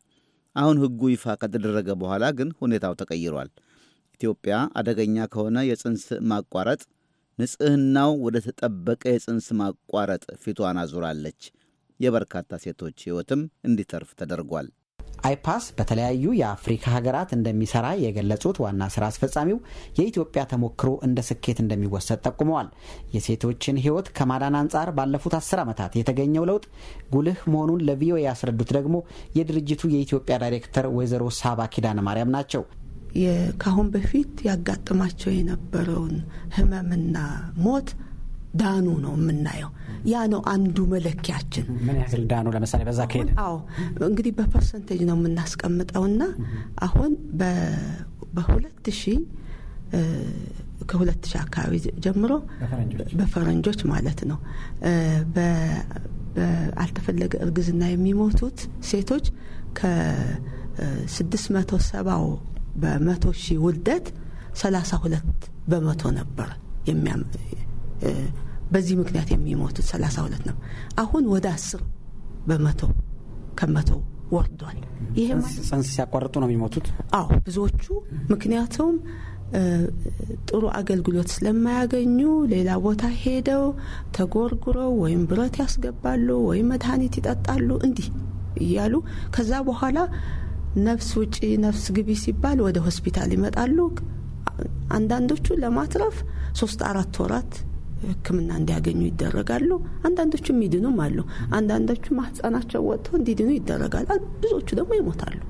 አሁን ሕጉ ይፋ ከተደረገ በኋላ ግን ሁኔታው ተቀይሯል። ኢትዮጵያ አደገኛ ከሆነ የጽንስ ማቋረጥ ንጽህናው ወደ ተጠበቀ የጽንስ ማቋረጥ ፊቷን አዙራለች። የበርካታ ሴቶች ሕይወትም እንዲተርፍ ተደርጓል። አይፓስ በተለያዩ የአፍሪካ ሀገራት እንደሚሰራ የገለጹት ዋና ስራ አስፈጻሚው የኢትዮጵያ ተሞክሮ እንደ ስኬት እንደሚወሰድ ጠቁመዋል። የሴቶችን ሕይወት ከማዳን አንጻር ባለፉት አስር ዓመታት የተገኘው ለውጥ ጉልህ መሆኑን ለቪኦኤ ያስረዱት ደግሞ የድርጅቱ የኢትዮጵያ ዳይሬክተር ወይዘሮ ሳባ ኪዳነ ማርያም ናቸው። ከአሁን በፊት ያጋጥማቸው የነበረውን ህመምና ሞት ዳኑ ነው የምናየው። ያ ነው አንዱ መለኪያችን። ምን ያክል ዳኑ? ለምሳሌ በዛ ከሄደ አዎ፣ እንግዲህ በፐርሰንቴጅ ነው የምናስቀምጠው እና አሁን በሁለት ሺህ ከሁለት ሺህ አካባቢ ጀምሮ በፈረንጆች ማለት ነው በአልተፈለገ እርግዝና የሚሞቱት ሴቶች ከስድስት መቶ ሰባው በመቶ ሺህ ውልደት ሰላሳ ሁለት በመቶ ነበር በዚህ ምክንያት የሚሞቱት 32 ነው። አሁን ወደ አስር በመቶ ከመቶ ወርዷል። ይሄ ጽንስ ሲያቋርጡ ነው የሚሞቱት። አዎ ብዙዎቹ ምክንያቱም ጥሩ አገልግሎት ስለማያገኙ ሌላ ቦታ ሄደው ተጎርጉረው ወይም ብረት ያስገባሉ ወይም መድኃኒት ይጠጣሉ እንዲህ እያሉ ከዛ በኋላ ነፍስ ውጪ ነፍስ ግቢ ሲባል ወደ ሆስፒታል ይመጣሉ። አንዳንዶቹ ለማትረፍ ሶስት አራት ወራት ሕክምና እንዲያገኙ ይደረጋሉ። አንዳንዶቹ የሚድኑም አሉ። አንዳንዶቹ ማህጸናቸው ወጥቶ እንዲድኑ ይደረጋሉ። ብዙዎቹ ደግሞ ይሞታሉ።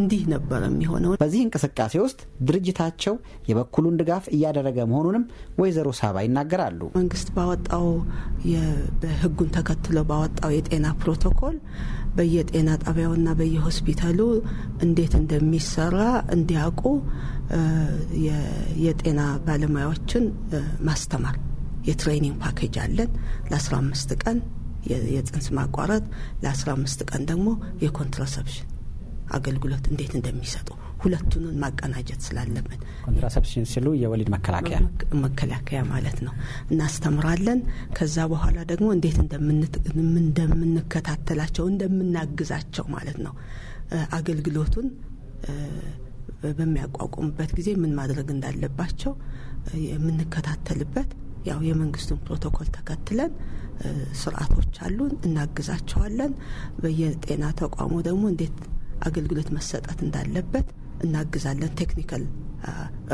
እንዲህ ነበረ የሚሆነው። በዚህ እንቅስቃሴ ውስጥ ድርጅታቸው የበኩሉን ድጋፍ እያደረገ መሆኑንም ወይዘሮ ሳባ ይናገራሉ። መንግስት ባወጣው በህጉን ተከትሎ ባወጣው የጤና ፕሮቶኮል በየጤና ጣቢያውና በየሆስፒታሉ እንዴት እንደሚሰራ እንዲያውቁ የጤና ባለሙያዎችን ማስተማር የትሬኒንግ ፓኬጅ አለን ለ15 ቀን የጽንስ ማቋረጥ ለ15 ቀን ደግሞ የኮንትራሰፕሽን አገልግሎት እንዴት እንደሚሰጡ ሁለቱንን ማቀናጀት ስላለብን ኮንትራሰፕሽን ሲሉ የወሊድ መከላከያ መከላከያ ማለት ነው። እናስተምራለን። ከዛ በኋላ ደግሞ እንዴት እንደምንከታተላቸው እንደምናግዛቸው ማለት ነው። አገልግሎቱን በሚያቋቁሙበት ጊዜ ምን ማድረግ እንዳለባቸው የምንከታተልበት ያው የመንግስቱን ፕሮቶኮል ተከትለን ስርዓቶች አሉን፣ እናግዛቸዋለን። በየጤና ተቋሙ ደግሞ እንዴት አገልግሎት መሰጠት እንዳለበት እናግዛለን። ቴክኒካል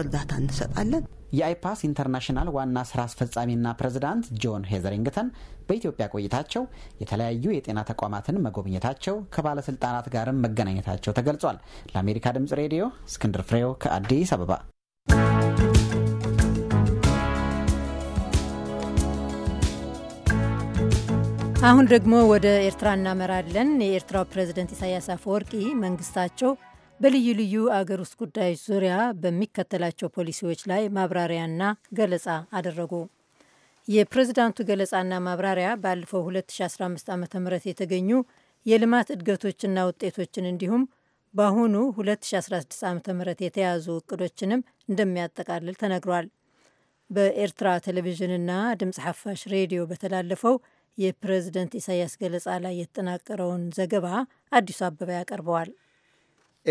እርዳታ እንሰጣለን። የአይፓስ ኢንተርናሽናል ዋና ስራ አስፈጻሚና ፕሬዝዳንት ጆን ሄዘሪንግተን በኢትዮጵያ ቆይታቸው የተለያዩ የጤና ተቋማትን መጎብኘታቸው ከባለስልጣናት ጋርም መገናኘታቸው ተገልጿል። ለአሜሪካ ድምጽ ሬዲዮ እስክንድር ፍሬው ከአዲስ አበባ አሁን ደግሞ ወደ ኤርትራ እናመራለን። የኤርትራው ፕሬዝደንት ኢሳያስ አፈወርቂ መንግስታቸው በልዩ ልዩ አገር ውስጥ ጉዳዮች ዙሪያ በሚከተላቸው ፖሊሲዎች ላይ ማብራሪያና ገለጻ አደረጉ። የፕሬዚዳንቱ ገለጻና ማብራሪያ ባለፈው 2015 ዓ ም የተገኙ የልማት እድገቶችና ውጤቶችን እንዲሁም በአሁኑ 2016 ዓ ም የተያዙ እቅዶችንም እንደሚያጠቃልል ተነግሯል። በኤርትራ ቴሌቪዥንና ድምፅ ሐፋሽ ሬዲዮ በተላለፈው የፕሬዝደንት ኢሳያስ ገለጻ ላይ የተጠናቀረውን ዘገባ አዲሱ አበባ ያቀርበዋል።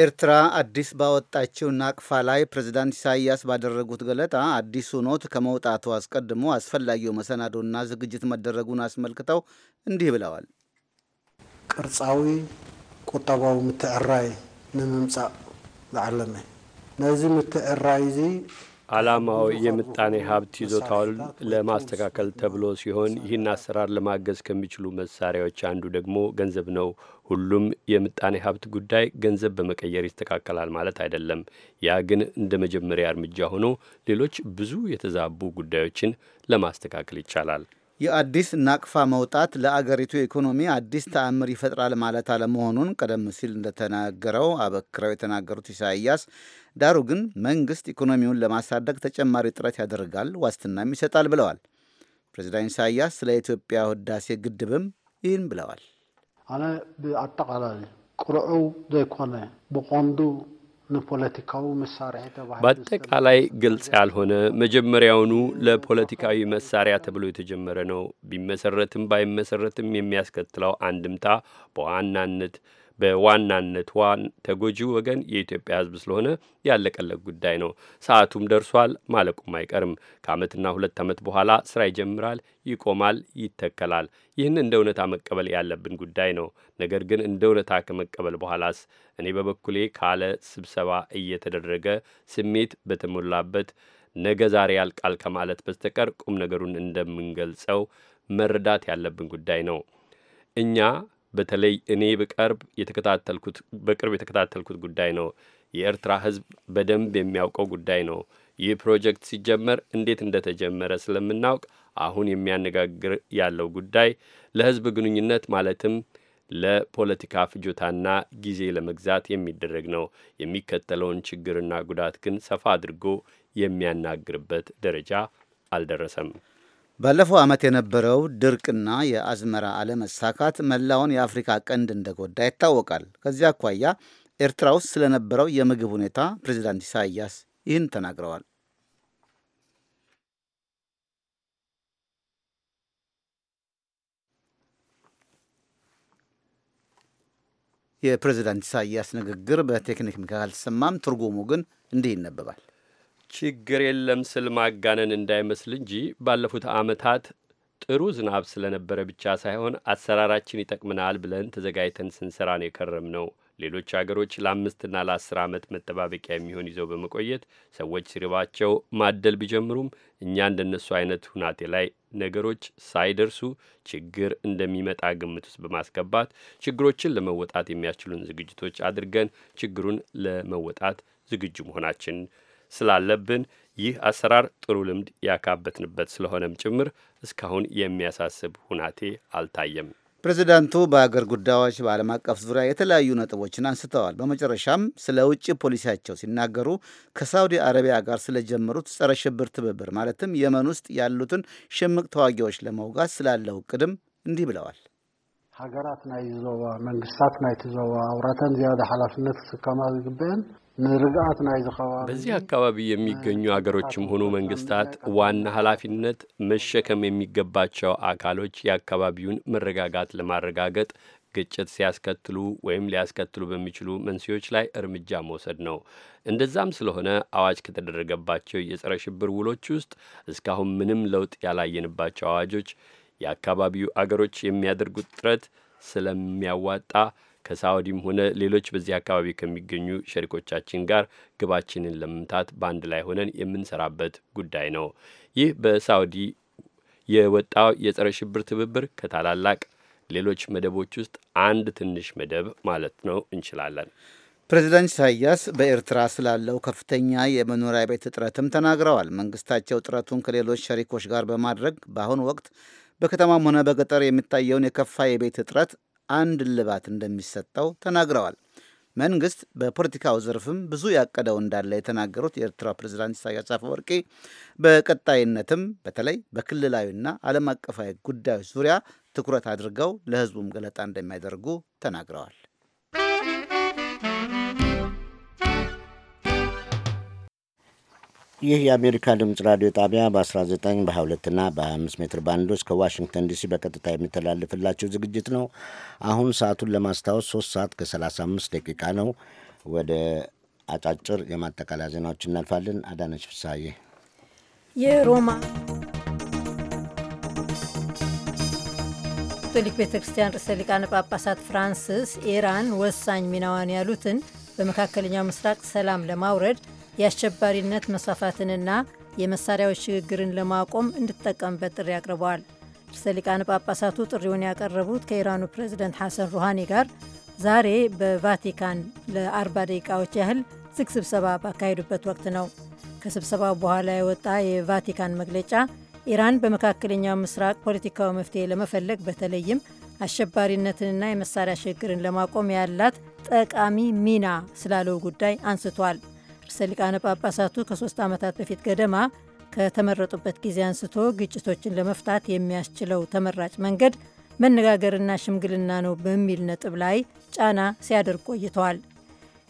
ኤርትራ አዲስ ባወጣችው ናቅፋ ላይ ፕሬዚዳንት ኢሳያስ ባደረጉት ገለጣ አዲሱ ኖት ከመውጣቱ አስቀድሞ አስፈላጊው መሰናዶና ዝግጅት መደረጉን አስመልክተው እንዲህ ብለዋል። ቅርፃዊ ቁጠባዊ ምትዕራይ ንምምጻእ ዝዓለመ ነዚ ምትዕራይ እዚ ዓላማው የምጣኔ ሀብት ይዞታውን ለማስተካከል ተብሎ ሲሆን ይህን አሰራር ለማገዝ ከሚችሉ መሳሪያዎች አንዱ ደግሞ ገንዘብ ነው። ሁሉም የምጣኔ ሀብት ጉዳይ ገንዘብ በመቀየር ይስተካከላል ማለት አይደለም። ያ ግን እንደ መጀመሪያ እርምጃ ሆኖ ሌሎች ብዙ የተዛቡ ጉዳዮችን ለማስተካከል ይቻላል። የአዲስ ናቅፋ መውጣት ለአገሪቱ ኢኮኖሚ አዲስ ተአምር ይፈጥራል ማለት አለመሆኑን ቀደም ሲል እንደተናገረው አበክረው የተናገሩት ኢሳያስ፣ ዳሩ ግን መንግስት ኢኮኖሚውን ለማሳደግ ተጨማሪ ጥረት ያደርጋል፣ ዋስትናም ይሰጣል ብለዋል። ፕሬዚዳንት ኢሳያስ ስለ ኢትዮጵያ ህዳሴ ግድብም ይህን ብለዋል። አነ ብአጠቃላይ ቁርዑ ዘይኮነ ብቆንዱ በአጠቃላይ ግልጽ ያልሆነ መጀመሪያውኑ ለፖለቲካዊ መሳሪያ ተብሎ የተጀመረ ነው። ቢመሰረትም ባይመሰረትም የሚያስከትለው አንድምታ በዋናነት በዋናነት ተጎጂ ተጎጂው ወገን የኢትዮጵያ ሕዝብ ስለሆነ ያለቀለቅ ጉዳይ ነው። ሰዓቱም ደርሷል፣ ማለቁም አይቀርም። ከዓመትና ሁለት ዓመት በኋላ ስራ ይጀምራል፣ ይቆማል፣ ይተከላል። ይህን እንደ እውነታ መቀበል ያለብን ጉዳይ ነው። ነገር ግን እንደ እውነታ ከመቀበል በኋላስ እኔ በበኩሌ ካለ ስብሰባ እየተደረገ ስሜት በተሞላበት ነገ ዛሬ ያልቃል ከማለት በስተቀር ቁም ነገሩን እንደምንገልጸው መረዳት ያለብን ጉዳይ ነው። እኛ በተለይ እኔ በቅርብ የተከታተልኩት በቅርብ የተከታተልኩት ጉዳይ ነው። የኤርትራ ህዝብ በደንብ የሚያውቀው ጉዳይ ነው። ይህ ፕሮጀክት ሲጀመር እንዴት እንደተጀመረ ስለምናውቅ አሁን የሚያነጋግር ያለው ጉዳይ ለህዝብ ግንኙነት ማለትም ለፖለቲካ ፍጆታና ጊዜ ለመግዛት የሚደረግ ነው። የሚከተለውን ችግርና ጉዳት ግን ሰፋ አድርጎ የሚያናግርበት ደረጃ አልደረሰም። ባለፈው ዓመት የነበረው ድርቅና የአዝመራ አለመሳካት መላውን የአፍሪካ ቀንድ እንደጎዳ ይታወቃል። ከዚያ አኳያ ኤርትራ ውስጥ ስለነበረው የምግብ ሁኔታ ፕሬዚዳንት ኢሳያስ ይህን ተናግረዋል። የፕሬዚዳንት ኢሳያስ ንግግር በቴክኒክ ካልተሰማም ትርጉሙ ግን እንዲህ ይነበባል። ችግር የለም ስል ማጋነን እንዳይመስል እንጂ ባለፉት ዓመታት ጥሩ ዝናብ ስለነበረ ብቻ ሳይሆን አሰራራችን ይጠቅመናል ብለን ተዘጋጅተን ስንሰራ ነው የከረም ነው። ሌሎች አገሮች ለአምስትና ለአስር ዓመት መጠባበቂያ የሚሆን ይዘው በመቆየት ሰዎች ሲርባቸው ማደል ቢጀምሩም እኛ እንደነሱ አይነት ሁናቴ ላይ ነገሮች ሳይደርሱ ችግር እንደሚመጣ ግምት ውስጥ በማስገባት ችግሮችን ለመወጣት የሚያስችሉን ዝግጅቶች አድርገን ችግሩን ለመወጣት ዝግጁ መሆናችን ስላለብን ይህ አሰራር ጥሩ ልምድ ያካበትንበት ስለሆነም ጭምር እስካሁን የሚያሳስብ ሁናቴ አልታየም። ፕሬዚዳንቱ በአገር ጉዳዮች በዓለም አቀፍ ዙሪያ የተለያዩ ነጥቦችን አንስተዋል። በመጨረሻም ስለ ውጭ ፖሊሲያቸው ሲናገሩ ከሳውዲ አረቢያ ጋር ስለጀመሩት ጸረ ሽብር ትብብር ማለትም የመን ውስጥ ያሉትን ሽምቅ ተዋጊዎች ለመውጋት ስላለው እቅድም እንዲህ ብለዋል። ሃገራት ናይ ዞባ መንግስታት ናይቲ ዞባ አውራተን ዝያዳ ሓላፍነት ክስከማ ዝግብአን ንርግኣት ናይ ከባቢ በዚህ አካባቢ የሚገኙ ሀገሮችም ሆኑ መንግስታት ዋና ኃላፊነት መሸከም የሚገባቸው አካሎች የአካባቢውን መረጋጋት ለማረጋገጥ ግጭት ሲያስከትሉ ወይም ሊያስከትሉ በሚችሉ መንስኤዎች ላይ እርምጃ መውሰድ ነው። እንደዛም ስለሆነ አዋጅ ከተደረገባቸው የጸረ ሽብር ውሎች ውስጥ እስካሁን ምንም ለውጥ ያላየንባቸው አዋጆች የአካባቢው አገሮች የሚያደርጉት ጥረት ስለሚያዋጣ ከሳውዲም ሆነ ሌሎች በዚህ አካባቢ ከሚገኙ ሸሪኮቻችን ጋር ግባችንን ለመምታት በአንድ ላይ ሆነን የምንሰራበት ጉዳይ ነው። ይህ በሳውዲ የወጣው የጸረ ሽብር ትብብር ከታላላቅ ሌሎች መደቦች ውስጥ አንድ ትንሽ መደብ ማለት ነው እንችላለን። ፕሬዚዳንት ኢሳያስ በኤርትራ ስላለው ከፍተኛ የመኖሪያ ቤት እጥረትም ተናግረዋል። መንግስታቸው ጥረቱን ከሌሎች ሸሪኮች ጋር በማድረግ በአሁኑ ወቅት በከተማም ሆነ በገጠር የሚታየውን የከፋ የቤት እጥረት አንድ እልባት እንደሚሰጠው ተናግረዋል። መንግስት በፖለቲካው ዘርፍም ብዙ ያቀደው እንዳለ የተናገሩት የኤርትራ ፕሬዚዳንት ኢሳያስ አፈወርቂ በቀጣይነትም በተለይ በክልላዊና ዓለም አቀፋዊ ጉዳዮች ዙሪያ ትኩረት አድርገው ለሕዝቡም ገለጣ እንደሚያደርጉ ተናግረዋል። ይህ የአሜሪካ ድምፅ ራዲዮ ጣቢያ በ19 በ22 እና በ25 ሜትር ባንዶች ከዋሽንግተን ዲሲ በቀጥታ የሚተላለፍላቸው ዝግጅት ነው። አሁን ሰዓቱን ለማስታወስ 3 ሰዓት ከ35 ደቂቃ ነው። ወደ አጫጭር የማጠቃለያ ዜናዎች እናልፋለን። አዳነች ፍሳዬ የሮማ ካቶሊክ ቤተ ክርስቲያን ርዕሰ ሊቃነ ጳጳሳት ፍራንስስ ኢራን ወሳኝ ሚናዋን ያሉትን በመካከለኛው ምስራቅ ሰላም ለማውረድ የአሸባሪነት መስፋፋትንና የመሳሪያዎች ሽግግርን ለማቆም እንድትጠቀምበት ጥሪ አቅርበዋል። ርዕሰ ሊቃነ ጳጳሳቱ ጥሪውን ያቀረቡት ከኢራኑ ፕሬዚደንት ሐሰን ሩሃኒ ጋር ዛሬ በቫቲካን ለ ለ40 ደቂቃዎች ያህል ዝግ ስብሰባ ባካሄዱበት ወቅት ነው። ከስብሰባው በኋላ የወጣ የቫቲካን መግለጫ ኢራን በመካከለኛው ምስራቅ ፖለቲካዊ መፍትሄ ለመፈለግ በተለይም አሸባሪነትንና የመሳሪያ ሽግግርን ለማቆም ያላት ጠቃሚ ሚና ስላለው ጉዳይ አንስቷል። ርዕሰ ሊቃነ ጳጳሳቱ ከሶስት ዓመታት በፊት ገደማ ከተመረጡበት ጊዜ አንስቶ ግጭቶችን ለመፍታት የሚያስችለው ተመራጭ መንገድ መነጋገርና ሽምግልና ነው በሚል ነጥብ ላይ ጫና ሲያደርግ ቆይተዋል።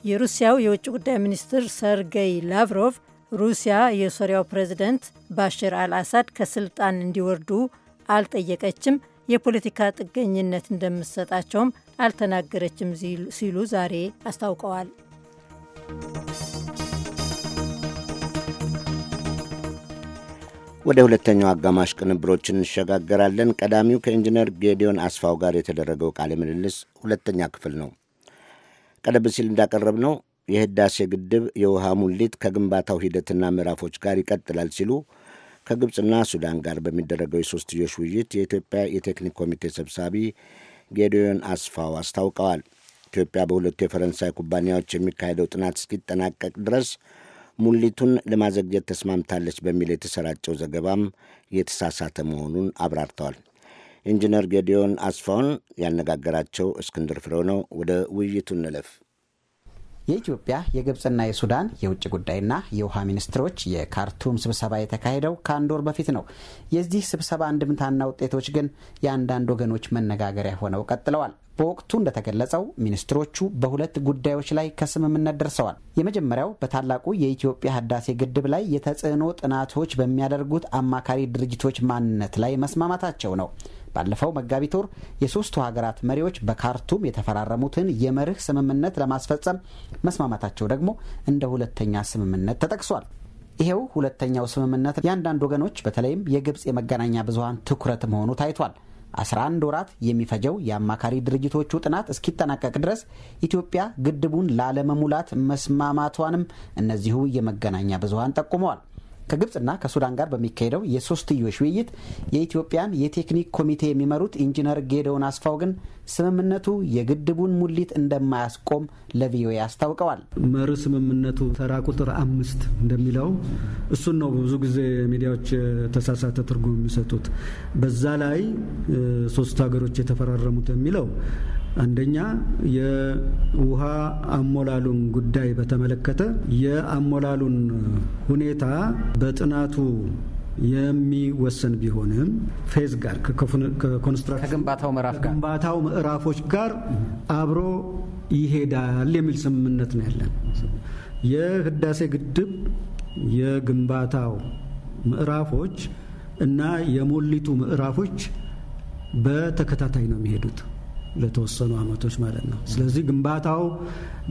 የሩሲያው የውጭ ጉዳይ ሚኒስትር ሰርገይ ላቭሮቭ ሩሲያ የሶሪያው ፕሬዚደንት ባሽር አልአሳድ ከስልጣን እንዲወርዱ አልጠየቀችም፣ የፖለቲካ ጥገኝነት እንደምትሰጣቸውም አልተናገረችም ሲሉ ዛሬ አስታውቀዋል። ወደ ሁለተኛው አጋማሽ ቅንብሮች እንሸጋገራለን። ቀዳሚው ከኢንጂነር ጌዲዮን አስፋው ጋር የተደረገው ቃለ ምልልስ ሁለተኛ ክፍል ነው። ቀደም ሲል እንዳቀረብ ነው የህዳሴ ግድብ የውሃ ሙሊት ከግንባታው ሂደትና ምዕራፎች ጋር ይቀጥላል ሲሉ ከግብፅና ሱዳን ጋር በሚደረገው የሶስትዮሽ ውይይት የኢትዮጵያ የቴክኒክ ኮሚቴ ሰብሳቢ ጌዲዮን አስፋው አስታውቀዋል። ኢትዮጵያ በሁለቱ የፈረንሳይ ኩባንያዎች የሚካሄደው ጥናት እስኪጠናቀቅ ድረስ ሙሊቱን ለማዘግየት ተስማምታለች በሚል የተሰራጨው ዘገባም የተሳሳተ መሆኑን አብራርተዋል። ኢንጂነር ጌዲዮን አስፋውን ያነጋገራቸው እስክንድር ፍሬው ነው። ወደ ውይይቱ እንለፍ። የኢትዮጵያ የግብፅና የሱዳን የውጭ ጉዳይና የውሃ ሚኒስትሮች የካርቱም ስብሰባ የተካሄደው ከአንድ ወር በፊት ነው። የዚህ ስብሰባ አንድምታና ውጤቶች ግን የአንዳንድ ወገኖች መነጋገሪያ ሆነው ቀጥለዋል። በወቅቱ እንደተገለጸው ሚኒስትሮቹ በሁለት ጉዳዮች ላይ ከስምምነት ደርሰዋል። የመጀመሪያው በታላቁ የኢትዮጵያ ህዳሴ ግድብ ላይ የተጽዕኖ ጥናቶች በሚያደርጉት አማካሪ ድርጅቶች ማንነት ላይ መስማማታቸው ነው። ባለፈው መጋቢት ወር የሶስቱ ሀገራት መሪዎች በካርቱም የተፈራረሙትን የመርህ ስምምነት ለማስፈጸም መስማማታቸው ደግሞ እንደ ሁለተኛ ስምምነት ተጠቅሷል። ይሄው ሁለተኛው ስምምነት የአንዳንድ ወገኖች በተለይም የግብፅ የመገናኛ ብዙሀን ትኩረት መሆኑ ታይቷል። 11 ወራት የሚፈጀው የአማካሪ ድርጅቶቹ ጥናት እስኪጠናቀቅ ድረስ ኢትዮጵያ ግድቡን ላለመሙላት መስማማቷንም እነዚሁ የመገናኛ ብዙሀን ጠቁመዋል። ከግብፅና ከሱዳን ጋር በሚካሄደው የሶስትዮሽ ውይይት የኢትዮጵያን የቴክኒክ ኮሚቴ የሚመሩት ኢንጂነር ጌደውን አስፋው ግን ስምምነቱ የግድቡን ሙሊት እንደማያስቆም ለቪኦኤ አስታውቀዋል። መርህ ስምምነቱ ተራ ቁጥር አምስት እንደሚለው እሱን ነው ብዙ ጊዜ ሚዲያዎች ተሳሳተ ትርጉም የሚሰጡት። በዛ ላይ ሶስት ሀገሮች የተፈራረሙት የሚለው አንደኛ የውሃ አሞላሉን ጉዳይ በተመለከተ የአሞላሉን ሁኔታ በጥናቱ የሚወሰን ቢሆንም ፌዝ ጋር ከግንባታው ምዕራፍ ጋር ምዕራፎች ጋር አብሮ ይሄዳል የሚል ስምምነት ነው ያለን። የህዳሴ ግድብ የግንባታው ምዕራፎች እና የሞሊቱ ምዕራፎች በተከታታይ ነው የሚሄዱት ለተወሰኑ አመቶች ማለት ነው። ስለዚህ ግንባታው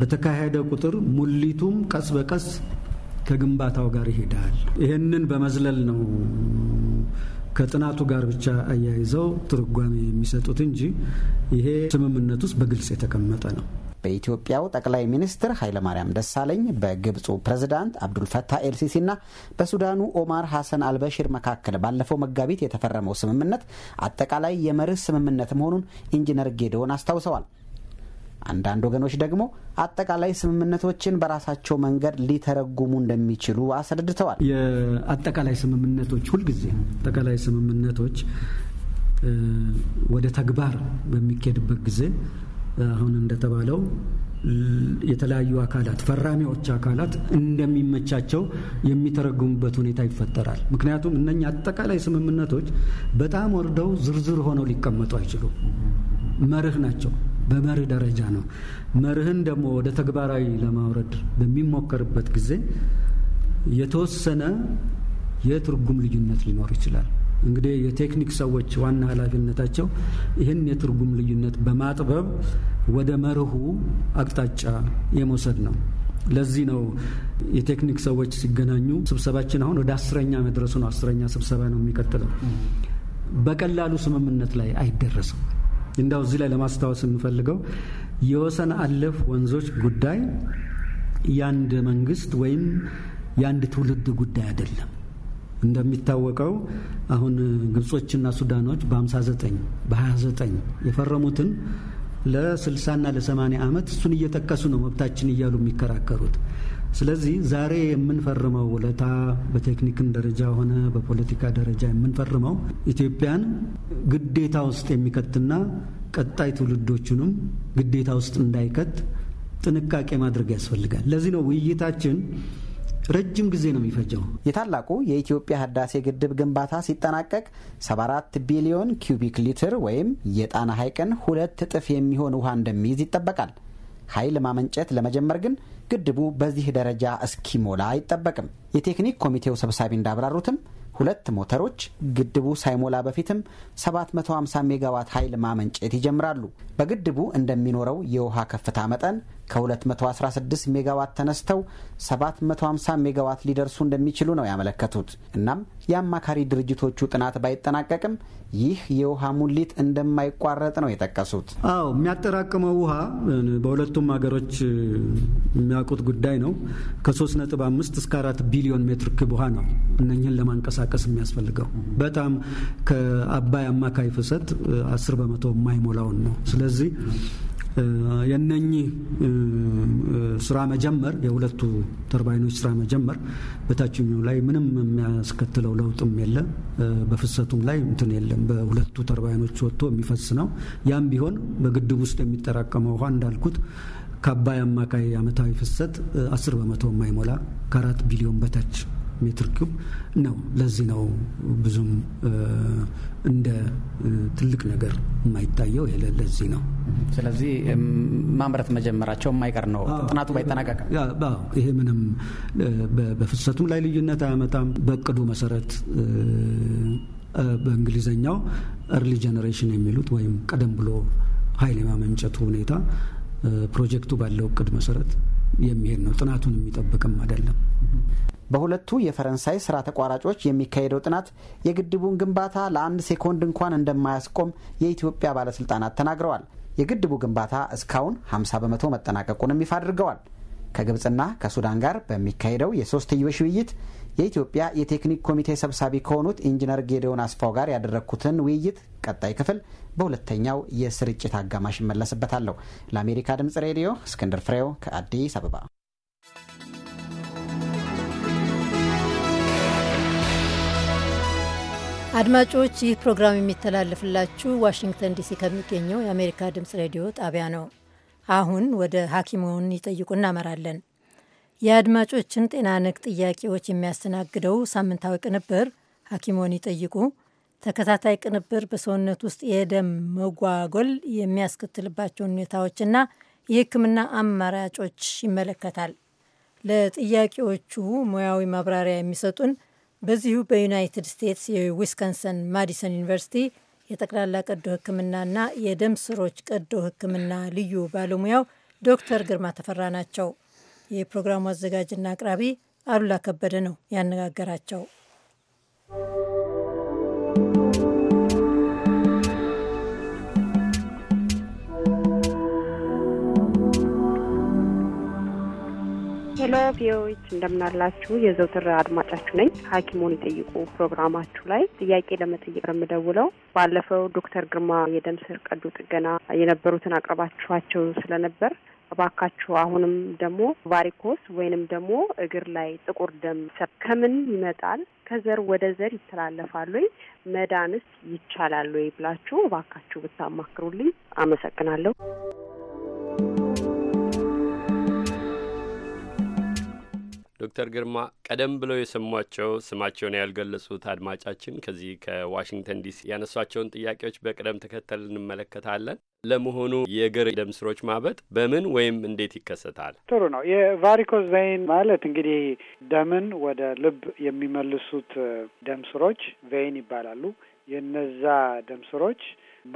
በተካሄደ ቁጥር ሙሊቱም ቀስ በቀስ ከግንባታው ጋር ይሄዳል። ይህንን በመዝለል ነው ከጥናቱ ጋር ብቻ አያይዘው ትርጓሜ የሚሰጡት እንጂ ይሄ ስምምነት ውስጥ በግልጽ የተቀመጠ ነው። በኢትዮጵያው ጠቅላይ ሚኒስትር ኃይለማርያም ደሳለኝ በግብፁ ፕሬዝዳንት አብዱልፈታህ ኤልሲሲና በሱዳኑ ኦማር ሐሰን አልበሽር መካከል ባለፈው መጋቢት የተፈረመው ስምምነት አጠቃላይ የመርህ ስምምነት መሆኑን ኢንጂነር ጌደውን አስታውሰዋል። አንዳንድ ወገኖች ደግሞ አጠቃላይ ስምምነቶችን በራሳቸው መንገድ ሊተረጉሙ እንደሚችሉ አስረድተዋል። የአጠቃላይ ስምምነቶች ሁልጊዜ አጠቃላይ ስምምነቶች ወደ ተግባር በሚካሄድበት ጊዜ አሁን እንደተባለው የተለያዩ አካላት ፈራሚዎች አካላት እንደሚመቻቸው የሚተረጉሙበት ሁኔታ ይፈጠራል። ምክንያቱም እነኛ አጠቃላይ ስምምነቶች በጣም ወርደው ዝርዝር ሆነው ሊቀመጡ አይችሉም። መርህ ናቸው። በመርህ ደረጃ ነው። መርህን ደግሞ ወደ ተግባራዊ ለማውረድ በሚሞከርበት ጊዜ የተወሰነ የትርጉም ልዩነት ሊኖር ይችላል። እንግዲህ የቴክኒክ ሰዎች ዋና ኃላፊነታቸው ይህን የትርጉም ልዩነት በማጥበብ ወደ መርሁ አቅጣጫ የመውሰድ ነው። ለዚህ ነው የቴክኒክ ሰዎች ሲገናኙ ስብሰባችን አሁን ወደ አስረኛ መድረሱ ነው። አስረኛ ስብሰባ ነው የሚቀጥለው። በቀላሉ ስምምነት ላይ አይደረስም። እንዲያው እዚህ ላይ ለማስታወስ የምፈልገው የወሰን አለፍ ወንዞች ጉዳይ የአንድ መንግስት ወይም የአንድ ትውልድ ጉዳይ አይደለም። እንደሚታወቀው አሁን ግብጾችና ሱዳኖች በ59 በ29 የፈረሙትን ለ60ና ለ80 ዓመት እሱን እየጠቀሱ ነው መብታችን እያሉ የሚከራከሩት ስለዚህ ዛሬ የምንፈርመው ውለታ በቴክኒክን ደረጃ ሆነ በፖለቲካ ደረጃ የምንፈርመው ኢትዮጵያን ግዴታ ውስጥ የሚከትና ቀጣይ ትውልዶቹንም ግዴታ ውስጥ እንዳይከት ጥንቃቄ ማድረግ ያስፈልጋል። ለዚህ ነው ውይይታችን ረጅም ጊዜ ነው የሚፈጀው። የታላቁ የኢትዮጵያ ህዳሴ ግድብ ግንባታ ሲጠናቀቅ 74 ቢሊዮን ኪዩቢክ ሊትር ወይም የጣና ሐይቅን ሁለት እጥፍ የሚሆን ውሃ እንደሚይዝ ይጠበቃል። ኃይል ማመንጨት ለመጀመር ግን ግድቡ በዚህ ደረጃ እስኪሞላ አይጠበቅም። የቴክኒክ ኮሚቴው ሰብሳቢ እንዳብራሩትም ሁለት ሞተሮች ግድቡ ሳይሞላ በፊትም 750 ሜጋዋት ኃይል ማመንጨት ይጀምራሉ። በግድቡ እንደሚኖረው የውሃ ከፍታ መጠን ከ216 ሜጋዋት ተነስተው 750 ሜጋዋት ሊደርሱ እንደሚችሉ ነው ያመለከቱት። እናም የአማካሪ ድርጅቶቹ ጥናት ባይጠናቀቅም ይህ የውሃ ሙሊት እንደማይቋረጥ ነው የጠቀሱት። አዎ የሚያጠራቅመው ውሃ በሁለቱም ሀገሮች የሚያውቁት ጉዳይ ነው። ከ ከ35 እስከ 4 ቢሊዮን ሜትር ክብ ውሃ ነው እነኝህን ለማንቀሳቀስ የሚያስፈልገው በጣም ከአባይ አማካይ ፍሰት 10 በመቶ የማይሞላውን ነው። ስለዚህ የነኚህ ስራ መጀመር የሁለቱ ተርባይኖች ስራ መጀመር በታችኛው ላይ ምንም የሚያስከትለው ለውጥም የለ፣ በፍሰቱም ላይ እንትን የለም። በሁለቱ ተርባይኖች ወጥቶ የሚፈስ ነው። ያም ቢሆን በግድብ ውስጥ የሚጠራቀመው ውሃ እንዳልኩት ከአባይ አማካይ ዓመታዊ ፍሰት 10 በመቶ የማይሞላ ከአራት ቢሊዮን በታች ሜትር ኪዩብ ነው። ለዚህ ነው ብዙም እንደ ትልቅ ነገር የማይታየው ለዚህ ነው። ስለዚህ ማምረት መጀመራቸው የማይቀር ነው። ጥናቱ ባይጠናቀቅም ይሄ ምንም በፍሰቱም ላይ ልዩነት አያመጣም። በእቅዱ መሰረት በእንግሊዘኛው ርሊ ጀኔሬሽን የሚሉት ወይም ቀደም ብሎ ኃይል የማመንጨቱ ሁኔታ ፕሮጀክቱ ባለው እቅድ መሰረት የሚሄድ ነው። ጥናቱን የሚጠብቅም አይደለም። በሁለቱ የፈረንሳይ ስራ ተቋራጮች የሚካሄደው ጥናት የግድቡን ግንባታ ለአንድ ሴኮንድ እንኳን እንደማያስቆም የኢትዮጵያ ባለስልጣናት ተናግረዋል። የግድቡ ግንባታ እስካሁን 50 በመቶ መጠናቀቁንም ይፋ አድርገዋል። ከግብፅና ከሱዳን ጋር በሚካሄደው የሶስትዮሽ ውይይት የኢትዮጵያ የቴክኒክ ኮሚቴ ሰብሳቢ ከሆኑት ኢንጂነር ጌዲዮን አስፋው ጋር ያደረግኩትን ውይይት ቀጣይ ክፍል በሁለተኛው የስርጭት አጋማሽ እመለስበታለሁ። ለአሜሪካ ድምፅ ሬዲዮ እስክንድር ፍሬው ከአዲስ አበባ አድማጮች ይህ ፕሮግራም የሚተላለፍላችሁ ዋሽንግተን ዲሲ ከሚገኘው የአሜሪካ ድምፅ ሬዲዮ ጣቢያ ነው። አሁን ወደ ሐኪሙን ይጠይቁ እናመራለን። የአድማጮችን ጤና ነክ ጥያቄዎች የሚያስተናግደው ሳምንታዊ ቅንብር ሐኪሙን ይጠይቁ ተከታታይ ቅንብር በሰውነት ውስጥ የደም መጓጎል የሚያስከትልባቸውን ሁኔታዎችና የሕክምና አማራጮች ይመለከታል። ለጥያቄዎቹ ሙያዊ ማብራሪያ የሚሰጡን በዚሁ በዩናይትድ ስቴትስ የዊስከንሰን ማዲሰን ዩኒቨርሲቲ የጠቅላላ ቀዶ ሕክምናና የደም ስሮች ቀዶ ሕክምና ልዩ ባለሙያው ዶክተር ግርማ ተፈራ ናቸው። የፕሮግራሙ አዘጋጅና አቅራቢ አሉላ ከበደ ነው ያነጋገራቸው። ሄሎ ቪዎች እንደምናላችሁ የዘውትር አድማጫችሁ ነኝ። ሐኪሙን ይጠይቁ ፕሮግራማችሁ ላይ ጥያቄ ለመጠየቅ የምደውለው ባለፈው ዶክተር ግርማ የደም ስር ቀዶ ጥገና የነበሩትን አቅርባችኋቸው ስለነበር እባካችሁ አሁንም ደግሞ ቫሪኮስ ወይንም ደግሞ እግር ላይ ጥቁር ደም ስር ከምን ይመጣል? ከዘር ወደ ዘር ይተላለፋሉ ወይ? መዳንስ ይቻላል ወይ ብላችሁ እባካችሁ ብታማክሩልኝ አመሰግናለሁ። ዶክተር ግርማ ቀደም ብለው የሰሟቸው ስማቸውን ያልገለጹት አድማጫችን ከዚህ ከዋሽንግተን ዲሲ ያነሷቸውን ጥያቄዎች በቅደም ተከተል እንመለከታለን። ለመሆኑ የእግር ደም ስሮች ማበጥ በምን ወይም እንዴት ይከሰታል? ጥሩ ነው። የቫሪኮስ ቬይን ማለት እንግዲህ ደምን ወደ ልብ የሚመልሱት ደም ስሮች ቬይን ይባላሉ። የነዛ ደም ስሮች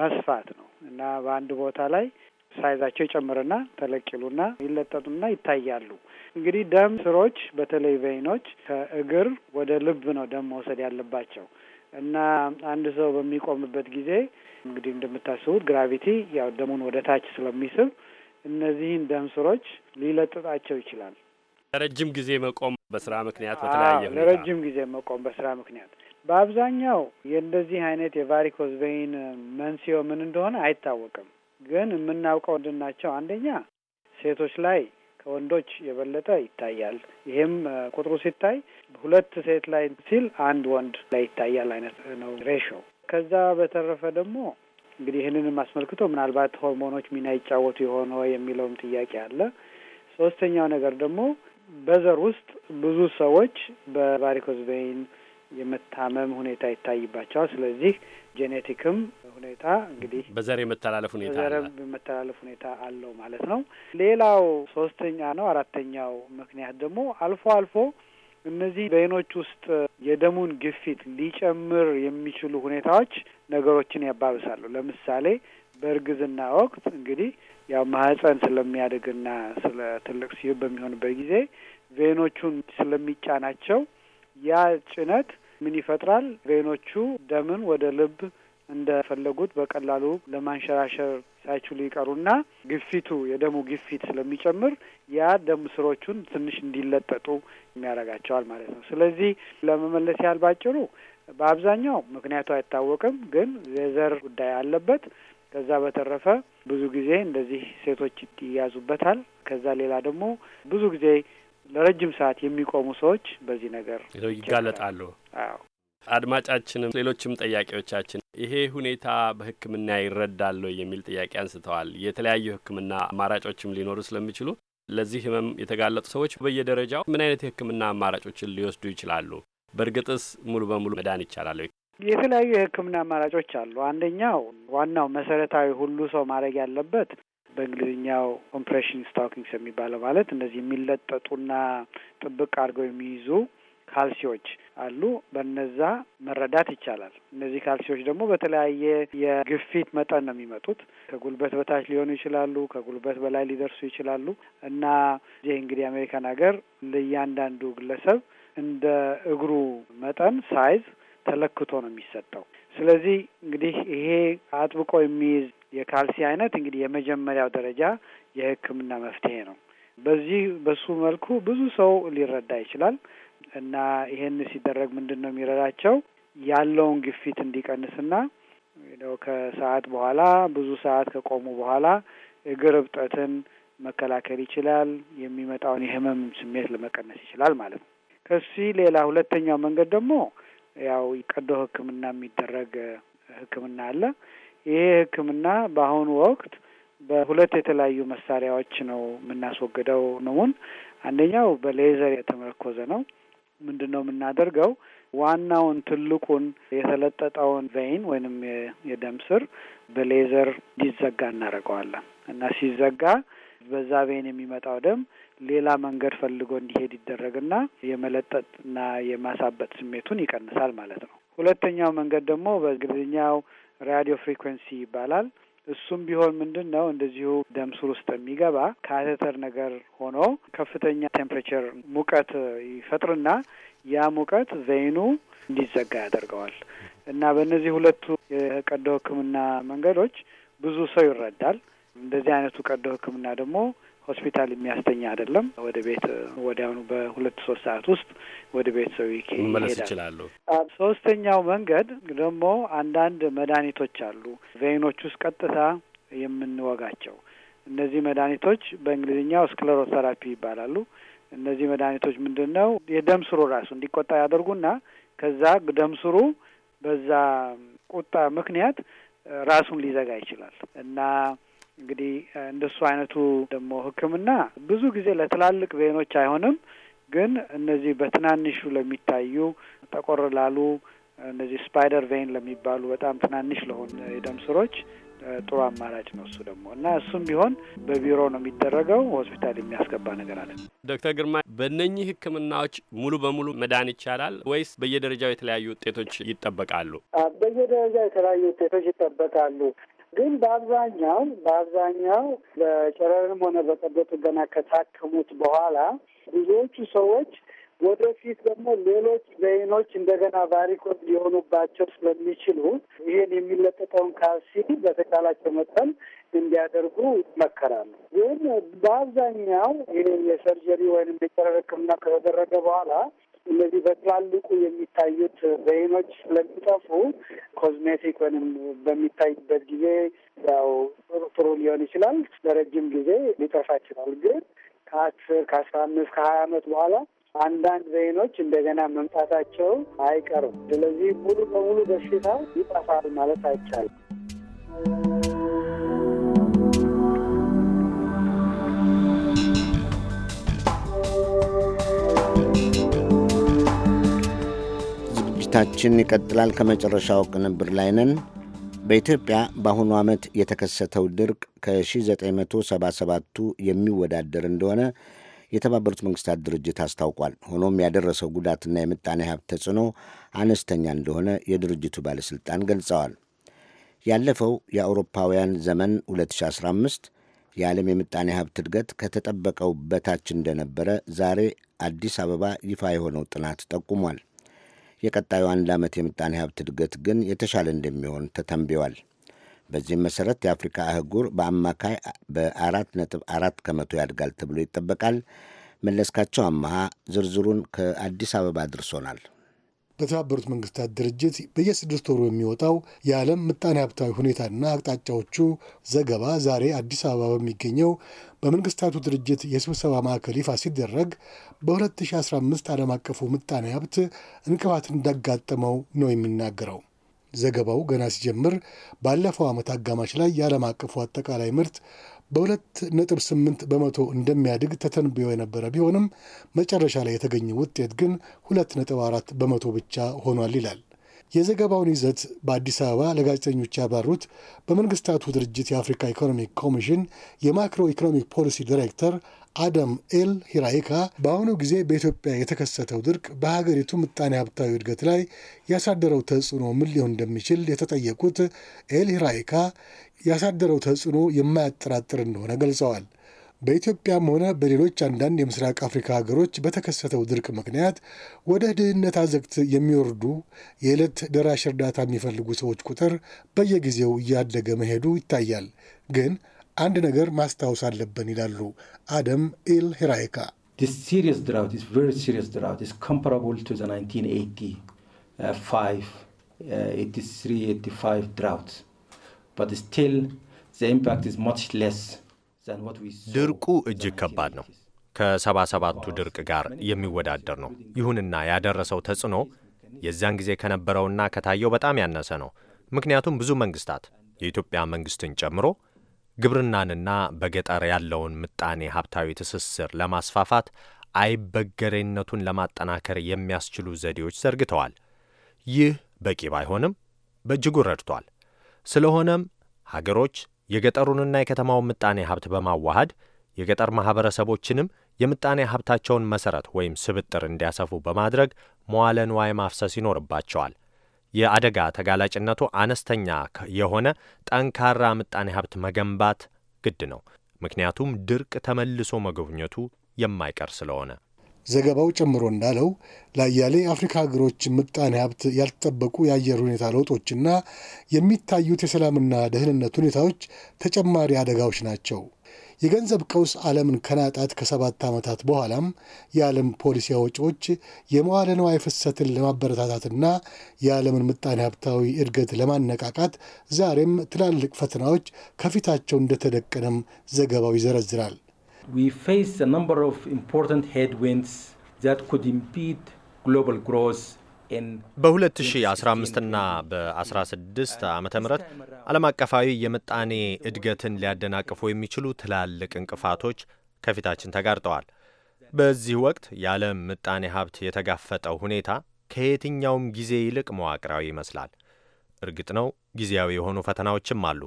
መስፋት ነው እና በአንድ ቦታ ላይ ሳይዛቸው ይጨምርና ተለቅሉና ይለጠጡና ይታያሉ። እንግዲህ ደም ስሮች በተለይ ቬይኖች ከእግር ወደ ልብ ነው ደም መውሰድ ያለባቸው እና አንድ ሰው በሚቆምበት ጊዜ እንግዲህ እንደምታስቡት ግራቪቲ ያው ደሙን ወደ ታች ስለሚስብ እነዚህን ደም ስሮች ሊለጥጣቸው ይችላል። ለረጅም ጊዜ መቆም በስራ ምክንያት በተለያየ ለረጅም ጊዜ መቆም በስራ ምክንያት በአብዛኛው የእንደዚህ አይነት የቫሪኮዝ ቬይን መንስኤው ምን እንደሆነ አይታወቅም። ግን የምናውቀው ምንድን ናቸው? አንደኛ ሴቶች ላይ ከወንዶች የበለጠ ይታያል። ይሄም ቁጥሩ ሲታይ ሁለት ሴት ላይ ሲል አንድ ወንድ ላይ ይታያል አይነት ነው ሬሾ። ከዛ በተረፈ ደግሞ እንግዲህ ይህንን አስመልክቶ ምናልባት ሆርሞኖች ሚና ይጫወቱ የሆነ የሚለውም ጥያቄ አለ። ሶስተኛው ነገር ደግሞ በዘር ውስጥ ብዙ ሰዎች በቫሪኮዝ ቬይን የመታመም ሁኔታ ይታይባቸዋል። ስለዚህ ጄኔቲክም ሁኔታ እንግዲህ በዘር የመተላለፍ ሁኔታ በዘር የመተላለፍ ሁኔታ አለው ማለት ነው። ሌላው ሶስተኛ ነው። አራተኛው ምክንያት ደግሞ አልፎ አልፎ እነዚህ በይኖች ውስጥ የደሙን ግፊት ሊጨምር የሚችሉ ሁኔታዎች ነገሮችን ያባብሳሉ። ለምሳሌ በእርግዝና ወቅት እንግዲህ ያው ማህፀን ስለሚያድግና ስለ ትልቅ ሲሆን በሚሆንበት ጊዜ ቬኖቹን ስለሚጫናቸው ያ ጭነት ምን ይፈጥራል? ቬኖቹ ደምን ወደ ልብ እንደፈለጉት በቀላሉ ለማንሸራሸር ሳይችሉ ይቀሩና ግፊቱ የደሙ ግፊት ስለሚጨምር ያ ደም ስሮቹን ትንሽ እንዲለጠጡ የሚያደርጋቸዋል ማለት ነው። ስለዚህ ለመመለስ ያህል ባጭሩ በአብዛኛው ምክንያቱ አይታወቅም፣ ግን የዘር ጉዳይ አለበት። ከዛ በተረፈ ብዙ ጊዜ እንደዚህ ሴቶች ይያዙበታል። ከዛ ሌላ ደግሞ ብዙ ጊዜ ለረጅም ሰዓት የሚቆሙ ሰዎች በዚህ ነገር ይጋለጣሉ። አዎ። አድማጫችንም ሌሎችም ጥያቄዎቻችን ይሄ ሁኔታ በሕክምና ይረዳል የሚል ጥያቄ አንስተዋል። የተለያዩ ሕክምና አማራጮችም ሊኖሩ ስለሚችሉ ለዚህ ህመም የተጋለጡ ሰዎች በየደረጃው ምን አይነት የሕክምና አማራጮችን ሊወስዱ ይችላሉ? በእርግጥስ ሙሉ በሙሉ መዳን ይቻላል? የተለያዩ የሕክምና አማራጮች አሉ። አንደኛው ዋናው መሰረታዊ ሁሉ ሰው ማድረግ ያለበት በእንግሊዝኛው ኮምፕሬሽን ስታኪንግስ የሚባለው ማለት እነዚህ የሚለጠጡና ጥብቅ አድርገው የሚይዙ ካልሲዎች አሉ። በነዛ መረዳት ይቻላል። እነዚህ ካልሲዎች ደግሞ በተለያየ የግፊት መጠን ነው የሚመጡት። ከጉልበት በታች ሊሆኑ ይችላሉ፣ ከጉልበት በላይ ሊደርሱ ይችላሉ እና ይህ እንግዲህ የአሜሪካን ሀገር ለእያንዳንዱ ግለሰብ እንደ እግሩ መጠን ሳይዝ ተለክቶ ነው የሚሰጠው። ስለዚህ እንግዲህ ይሄ አጥብቆ የሚይዝ የካልሲ አይነት እንግዲህ የመጀመሪያው ደረጃ የሕክምና መፍትሄ ነው። በዚህ በሱ መልኩ ብዙ ሰው ሊረዳ ይችላል እና ይሄን ሲደረግ ምንድን ነው የሚረዳቸው ያለውን ግፊት እንዲቀንስና ነው ከሰዓት በኋላ ብዙ ሰዓት ከቆሙ በኋላ እግር እብጠትን መከላከል ይችላል። የሚመጣውን የህመም ስሜት ለመቀነስ ይችላል ማለት ነው። ከዚህ ሌላ ሁለተኛው መንገድ ደግሞ ያው ቀዶ ሕክምና የሚደረግ ሕክምና አለ። ይሄ ሕክምና በአሁኑ ወቅት በሁለት የተለያዩ መሳሪያዎች ነው የምናስወግደው ንሙን። አንደኛው በሌዘር የተመረኮዘ ነው። ምንድን ነው የምናደርገው? ዋናውን ትልቁን የተለጠጠውን ቬይን ወይንም የደም ስር በሌዘር እንዲዘጋ እናደርገዋለን እና ሲዘጋ በዛ ቬይን የሚመጣው ደም ሌላ መንገድ ፈልጎ እንዲሄድ ይደረግና የመለጠጥና የማሳበጥ ስሜቱን ይቀንሳል ማለት ነው። ሁለተኛው መንገድ ደግሞ በእንግሊዝኛው ራዲዮ ፍሪኩዌንሲ ይባላል። እሱም ቢሆን ምንድን ነው እንደዚሁ ደም ስር ውስጥ የሚገባ ካቴተር ነገር ሆኖ ከፍተኛ ቴምፕሬቸር ሙቀት ይፈጥርና ያ ሙቀት ቬይኑ እንዲዘጋ ያደርገዋል እና በእነዚህ ሁለቱ የቀዶ ሕክምና መንገዶች ብዙ ሰው ይረዳል። እንደዚህ አይነቱ ቀዶ ሕክምና ደግሞ ሆስፒታል የሚያስተኛ አይደለም። ወደ ቤት ወዲያውኑ በሁለት ሶስት ሰዓት ውስጥ ወደ ሰው ይመለስ ይችላሉ። ሶስተኛው መንገድ ደግሞ አንዳንድ መድኃኒቶች አሉ ቬይኖች ውስጥ ቀጥታ የምንወጋቸው እነዚህ መድኃኒቶች በእንግሊዝኛው ስክለሮቴራፒ ይባላሉ። እነዚህ መድኃኒቶች ምንድን ነው? የደም ስሩ ራሱ እንዲቆጣ ያደርጉና ከዛ ደም ስሩ በዛ ቁጣ ምክንያት ራሱን ሊዘጋ ይችላል እና እንግዲህ እንደሱ አይነቱ ደግሞ ሕክምና ብዙ ጊዜ ለትላልቅ ቬኖች አይሆንም፣ ግን እነዚህ በትናንሹ ለሚታዩ ጠቆር ላሉ እነዚህ ስፓይደር ቬን ለሚባሉ በጣም ትናንሽ ለሆን የደም ስሮች ጥሩ አማራጭ ነው እሱ ደግሞ እና እሱም ቢሆን በቢሮ ነው የሚደረገው። ሆስፒታል የሚያስገባ ነገር አለ። ዶክተር ግርማ በእነኚህ ህክምናዎች ሙሉ በሙሉ መዳን ይቻላል ወይስ በየደረጃው የተለያዩ ውጤቶች ይጠበቃሉ? በየደረጃው የተለያዩ ውጤቶች ይጠበቃሉ። ግን በአብዛኛው በአብዛኛው በጨረርም ሆነ በቀዶ ጥገና ከታከሙት በኋላ ብዙዎቹ ሰዎች ወደፊት ደግሞ ሌሎች በይኖች እንደገና ቫሪኮስ ሊሆኑባቸው ስለሚችሉ ይሄን የሚለጠጠውን ካልሲ በተቻላቸው መጠን እንዲያደርጉ ይመከራሉ። ግን በአብዛኛው ይህ የሰርጀሪ ወይም የጨረር ሕክምና ከተደረገ በኋላ እነዚህ በትላልቁ የሚታዩት ዘይኖች ስለሚጠፉ ኮዝሜቲክ ወይም በሚታይበት ጊዜ ያው ጥሩ ጥሩ ሊሆን ይችላል። ለረጅም ጊዜ ሊጠፋ ይችላል። ግን ከአስር ከአስራ አምስት ከሀያ ዓመት በኋላ አንዳንድ ዘይኖች እንደገና መምጣታቸው አይቀርም። ስለዚህ ሙሉ በሙሉ በሽታ ይጠፋል ማለት አይቻልም። ዝግጅታችን ይቀጥላል። ከመጨረሻው ቅንብር ላይ ነን። በኢትዮጵያ በአሁኑ ዓመት የተከሰተው ድርቅ ከ1977ቱ የሚወዳደር እንደሆነ የተባበሩት መንግስታት ድርጅት አስታውቋል። ሆኖም ያደረሰው ጉዳትና የምጣኔ ሀብት ተጽዕኖ አነስተኛ እንደሆነ የድርጅቱ ባለሥልጣን ገልጸዋል። ያለፈው የአውሮፓውያን ዘመን 2015 የዓለም የምጣኔ ሀብት እድገት ከተጠበቀው በታች እንደነበረ ዛሬ አዲስ አበባ ይፋ የሆነው ጥናት ጠቁሟል። የቀጣዩ አንድ ዓመት የምጣኔ ሀብት እድገት ግን የተሻለ እንደሚሆን ተተንብዋል። በዚህም መሠረት የአፍሪካ አህጉር በአማካይ በአራት ነጥብ አራት ከመቶ ያድጋል ተብሎ ይጠበቃል። መለስካቸው አመሃ ዝርዝሩን ከአዲስ አበባ አድርሶናል። በተባበሩት መንግስታት ድርጅት በየስድስት ወሩ የሚወጣው የዓለም ምጣኔ ሀብታዊ ሁኔታና አቅጣጫዎቹ ዘገባ ዛሬ አዲስ አበባ በሚገኘው በመንግስታቱ ድርጅት የስብሰባ ማዕከል ይፋ ሲደረግ በ2015 ዓለም አቀፉ ምጣኔ ሀብት እንቅፋት እንዳጋጠመው ነው የሚናገረው። ዘገባው ገና ሲጀምር ባለፈው ዓመት አጋማሽ ላይ የዓለም አቀፉ አጠቃላይ ምርት በሁለት ነጥብ ስምንት በመቶ እንደሚያድግ ተተንብዮ የነበረ ቢሆንም መጨረሻ ላይ የተገኘ ውጤት ግን ሁለት ነጥብ አራት በመቶ ብቻ ሆኗል ይላል። የዘገባውን ይዘት በአዲስ አበባ ለጋዜጠኞች ያብራሩት በመንግስታቱ ድርጅት የአፍሪካ ኢኮኖሚክ ኮሚሽን የማክሮ ኢኮኖሚክ ፖሊሲ ዲሬክተር አደም ኤል ሂራይካ በአሁኑ ጊዜ በኢትዮጵያ የተከሰተው ድርቅ በሀገሪቱ ምጣኔ ሀብታዊ እድገት ላይ ያሳደረው ተጽዕኖ ምን ሊሆን እንደሚችል የተጠየቁት ኤል ሂራይካ ያሳደረው ተጽዕኖ የማያጠራጥር እንደሆነ ገልጸዋል። በኢትዮጵያም ሆነ በሌሎች አንዳንድ የምስራቅ አፍሪካ ሀገሮች በተከሰተው ድርቅ ምክንያት ወደ ድህነት አዘግት የሚወርዱ የዕለት ደራሽ እርዳታ የሚፈልጉ ሰዎች ቁጥር በየጊዜው እያደገ መሄዱ ይታያል ግን አንድ ነገር ማስታወስ አለብን ይላሉ አደም ኤል ሄራይካ። uh, ድርቁ እጅግ ከባድ ነው ከሰባሰባቱ ድርቅ ጋር የሚወዳደር ነው። ይሁንና ያደረሰው ተጽዕኖ የዚያን ጊዜ ከነበረውና ከታየው በጣም ያነሰ ነው። ምክንያቱም ብዙ መንግስታት የኢትዮጵያ መንግስትን ጨምሮ ግብርናንና በገጠር ያለውን ምጣኔ ሀብታዊ ትስስር ለማስፋፋት አይበገሬነቱን ለማጠናከር የሚያስችሉ ዘዴዎች ዘርግተዋል። ይህ በቂ ባይሆንም በእጅጉ ረድቷል። ስለሆነም ሀገሮች የገጠሩንና የከተማውን ምጣኔ ሀብት በማዋሃድ የገጠር ማኅበረሰቦችንም የምጣኔ ሀብታቸውን መሠረት ወይም ስብጥር እንዲያሰፉ በማድረግ መዋለ ንዋይ ማፍሰስ ይኖርባቸዋል። የአደጋ ተጋላጭነቱ አነስተኛ የሆነ ጠንካራ ምጣኔ ሀብት መገንባት ግድ ነው። ምክንያቱም ድርቅ ተመልሶ መጎብኘቱ የማይቀር ስለሆነ። ዘገባው ጨምሮ እንዳለው ለአያሌ አፍሪካ ሀገሮች ምጣኔ ሀብት ያልተጠበቁ የአየር ሁኔታ ለውጦችና የሚታዩት የሰላምና ደህንነት ሁኔታዎች ተጨማሪ አደጋዎች ናቸው። የገንዘብ ቀውስ ዓለምን ከናጣት ከሰባት ዓመታት በኋላም የዓለም ፖሊሲ አውጪዎች የመዋለ ንዋይ ፍሰትን ለማበረታታትና የዓለምን ምጣኔ ሀብታዊ እድገት ለማነቃቃት ዛሬም ትላልቅ ፈተናዎች ከፊታቸው እንደተደቀነም ዘገባው ይዘረዝራል። ፌስ ግሎባል ግሮስ በ2015 እና በ16 ዓ ም ዓለም አቀፋዊ የምጣኔ እድገትን ሊያደናቅፉ የሚችሉ ትላልቅ እንቅፋቶች ከፊታችን ተጋርጠዋል። በዚህ ወቅት የዓለም ምጣኔ ሀብት የተጋፈጠው ሁኔታ ከየትኛውም ጊዜ ይልቅ መዋቅራዊ ይመስላል። እርግጥ ነው ጊዜያዊ የሆኑ ፈተናዎችም አሉ።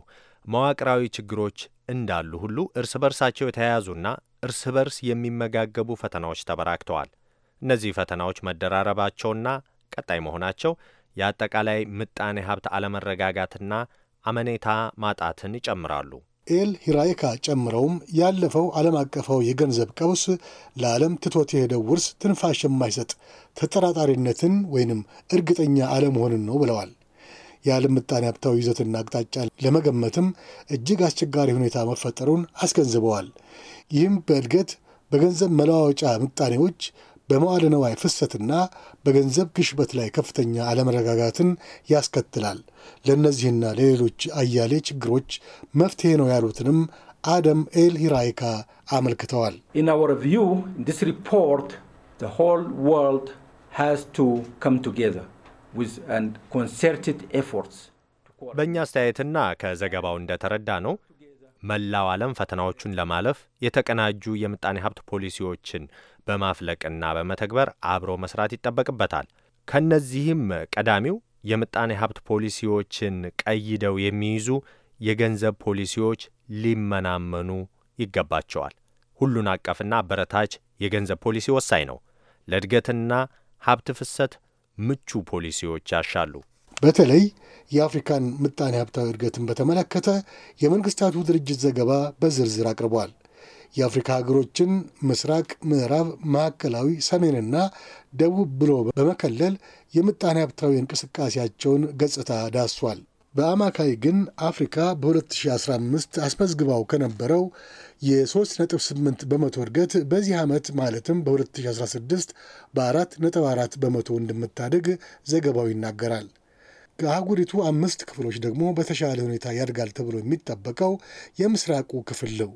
መዋቅራዊ ችግሮች እንዳሉ ሁሉ እርስ በርሳቸው የተያያዙና እርስ በርስ የሚመጋገቡ ፈተናዎች ተበራክተዋል። እነዚህ ፈተናዎች መደራረባቸውና ቀጣይ መሆናቸው የአጠቃላይ ምጣኔ ሀብት አለመረጋጋትና አመኔታ ማጣትን ይጨምራሉ። ኤል ሂራይካ ጨምረውም ያለፈው ዓለም አቀፋዊ የገንዘብ ቀውስ ለዓለም ትቶት የሄደው ውርስ ትንፋሽ የማይሰጥ ተጠራጣሪነትን ወይንም እርግጠኛ አለመሆንን ነው ብለዋል። የዓለም ምጣኔ ሀብታዊ ይዘትና አቅጣጫ ለመገመትም እጅግ አስቸጋሪ ሁኔታ መፈጠሩን አስገንዝበዋል። ይህም በእድገት በገንዘብ መለዋወጫ ምጣኔዎች በመዋለ ነዋይ ፍሰትና በገንዘብ ግሽበት ላይ ከፍተኛ አለመረጋጋትን ያስከትላል። ለእነዚህና ለሌሎች አያሌ ችግሮች መፍትሄ ነው ያሉትንም አደም ኤል ሂራይካ አመልክተዋል። በእኛ አስተያየትና ከዘገባው እንደተረዳ ነው መላው ዓለም ፈተናዎቹን ለማለፍ የተቀናጁ የምጣኔ ሀብት ፖሊሲዎችን በማፍለቅና በመተግበር አብሮ መስራት ይጠበቅበታል። ከነዚህም ቀዳሚው የምጣኔ ሀብት ፖሊሲዎችን ቀይደው የሚይዙ የገንዘብ ፖሊሲዎች ሊመናመኑ ይገባቸዋል። ሁሉን አቀፍና በረታች የገንዘብ ፖሊሲ ወሳኝ ነው። ለእድገትና ሀብት ፍሰት ምቹ ፖሊሲዎች ያሻሉ። በተለይ የአፍሪካን ምጣኔ ሀብታዊ እድገትን በተመለከተ የመንግስታቱ ድርጅት ዘገባ በዝርዝር አቅርቧል። የአፍሪካ ሀገሮችን ምስራቅ፣ ምዕራብ፣ ማዕከላዊ፣ ሰሜንና ደቡብ ብሎ በመከለል የምጣኔ ሀብታዊ እንቅስቃሴያቸውን ገጽታ ዳሷል። በአማካይ ግን አፍሪካ በ2015 አስመዝግባው ከነበረው የ3.8 በመቶ እድገት በዚህ ዓመት ማለትም በ2016 በ4.4 በመቶ እንደምታድግ ዘገባው ይናገራል። ከአህጉሪቱ አምስት ክፍሎች ደግሞ በተሻለ ሁኔታ ያድጋል ተብሎ የሚጠበቀው የምስራቁ ክፍል ነው።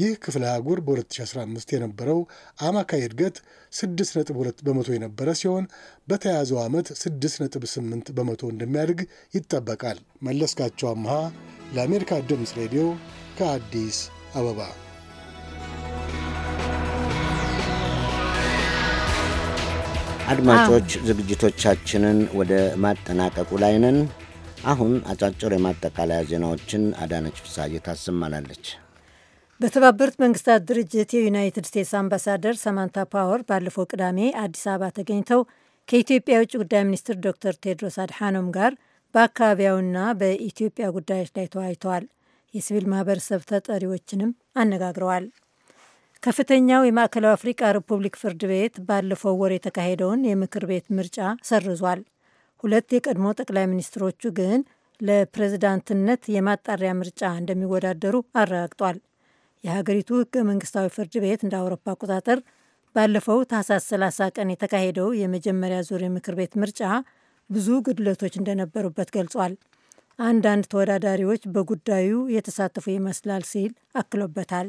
ይህ ክፍለ አህጉር በ2015 የነበረው አማካይ እድገት 6.2 በመቶ የነበረ ሲሆን በተያያዘው ዓመት 6.8 በመቶ እንደሚያድግ ይጠበቃል። መለስካቸው አምሃ ለአሜሪካ ድምፅ ሬዲዮ ከአዲስ አበባ አድማጮች ዝግጅቶቻችንን ወደ ማጠናቀቁ ላይ ነን። አሁን አጫጭር የማጠቃለያ ዜናዎችን አዳነች ፍሳዬ ታሰማናለች። በተባበሩት መንግስታት ድርጅት የዩናይትድ ስቴትስ አምባሳደር ሰማንታ ፓወር ባለፈው ቅዳሜ አዲስ አበባ ተገኝተው ከኢትዮጵያ የውጭ ጉዳይ ሚኒስትር ዶክተር ቴድሮስ አድሓኖም ጋር በአካባቢያውና በኢትዮጵያ ጉዳዮች ላይ ተወያይተዋል። የሲቪል ማህበረሰብ ተጠሪዎችንም አነጋግረዋል። ከፍተኛው የማዕከላዊ አፍሪቃ ሪፑብሊክ ፍርድ ቤት ባለፈው ወር የተካሄደውን የምክር ቤት ምርጫ ሰርዟል። ሁለት የቀድሞ ጠቅላይ ሚኒስትሮቹ ግን ለፕሬዝዳንትነት የማጣሪያ ምርጫ እንደሚወዳደሩ አረጋግጧል። የሀገሪቱ ህገ መንግስታዊ ፍርድ ቤት እንደ አውሮፓ አቆጣጠር ባለፈው ታህሳስ 30 ቀን የተካሄደው የመጀመሪያ ዙር የምክር ቤት ምርጫ ብዙ ጉድለቶች እንደነበሩበት ገልጿል። አንዳንድ ተወዳዳሪዎች በጉዳዩ የተሳተፉ ይመስላል ሲል አክሎበታል።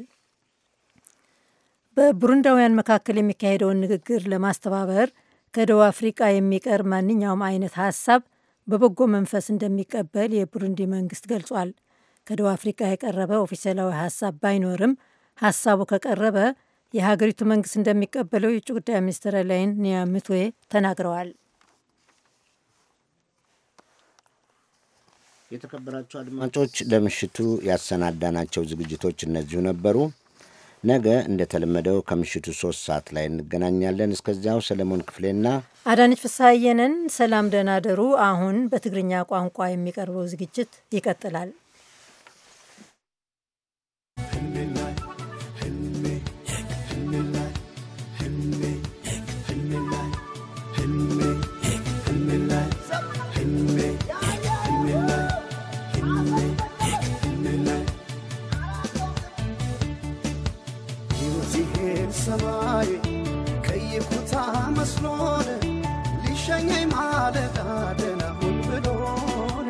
በቡሩንዳውያን መካከል የሚካሄደውን ንግግር ለማስተባበር ከደቡብ አፍሪቃ የሚቀርብ ማንኛውም አይነት ሀሳብ በበጎ መንፈስ እንደሚቀበል የቡሩንዲ መንግስት ገልጿል። ከደቡብ አፍሪካ የቀረበ ኦፊሴላዊ ሀሳብ ባይኖርም ሀሳቡ ከቀረበ የሀገሪቱ መንግስት እንደሚቀበለው የውጭ ጉዳይ ሚኒስትር ላይን ኒያምትዌ ተናግረዋል። የተከበራቸው አድማጮች ለምሽቱ ያሰናዳናቸው ዝግጅቶች እነዚሁ ነበሩ። ነገ እንደተለመደው ከምሽቱ ሶስት ሰዓት ላይ እንገናኛለን። እስከዚያው ሰለሞን ክፍሌና አዳነች ፍስሐየንን ሰላም ደህና ደሩ። አሁን በትግርኛ ቋንቋ የሚቀርበው ዝግጅት ይቀጥላል። ሰማይ ከይኩታ መስሎን ሊሸኘኝ ማለዳ ደህና ሁን ብሎን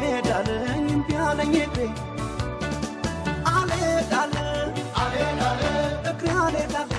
አልሄዳለኝ እምቢ አለኝ ልቤ አልሄዳለ እግሬ አልሄዳለ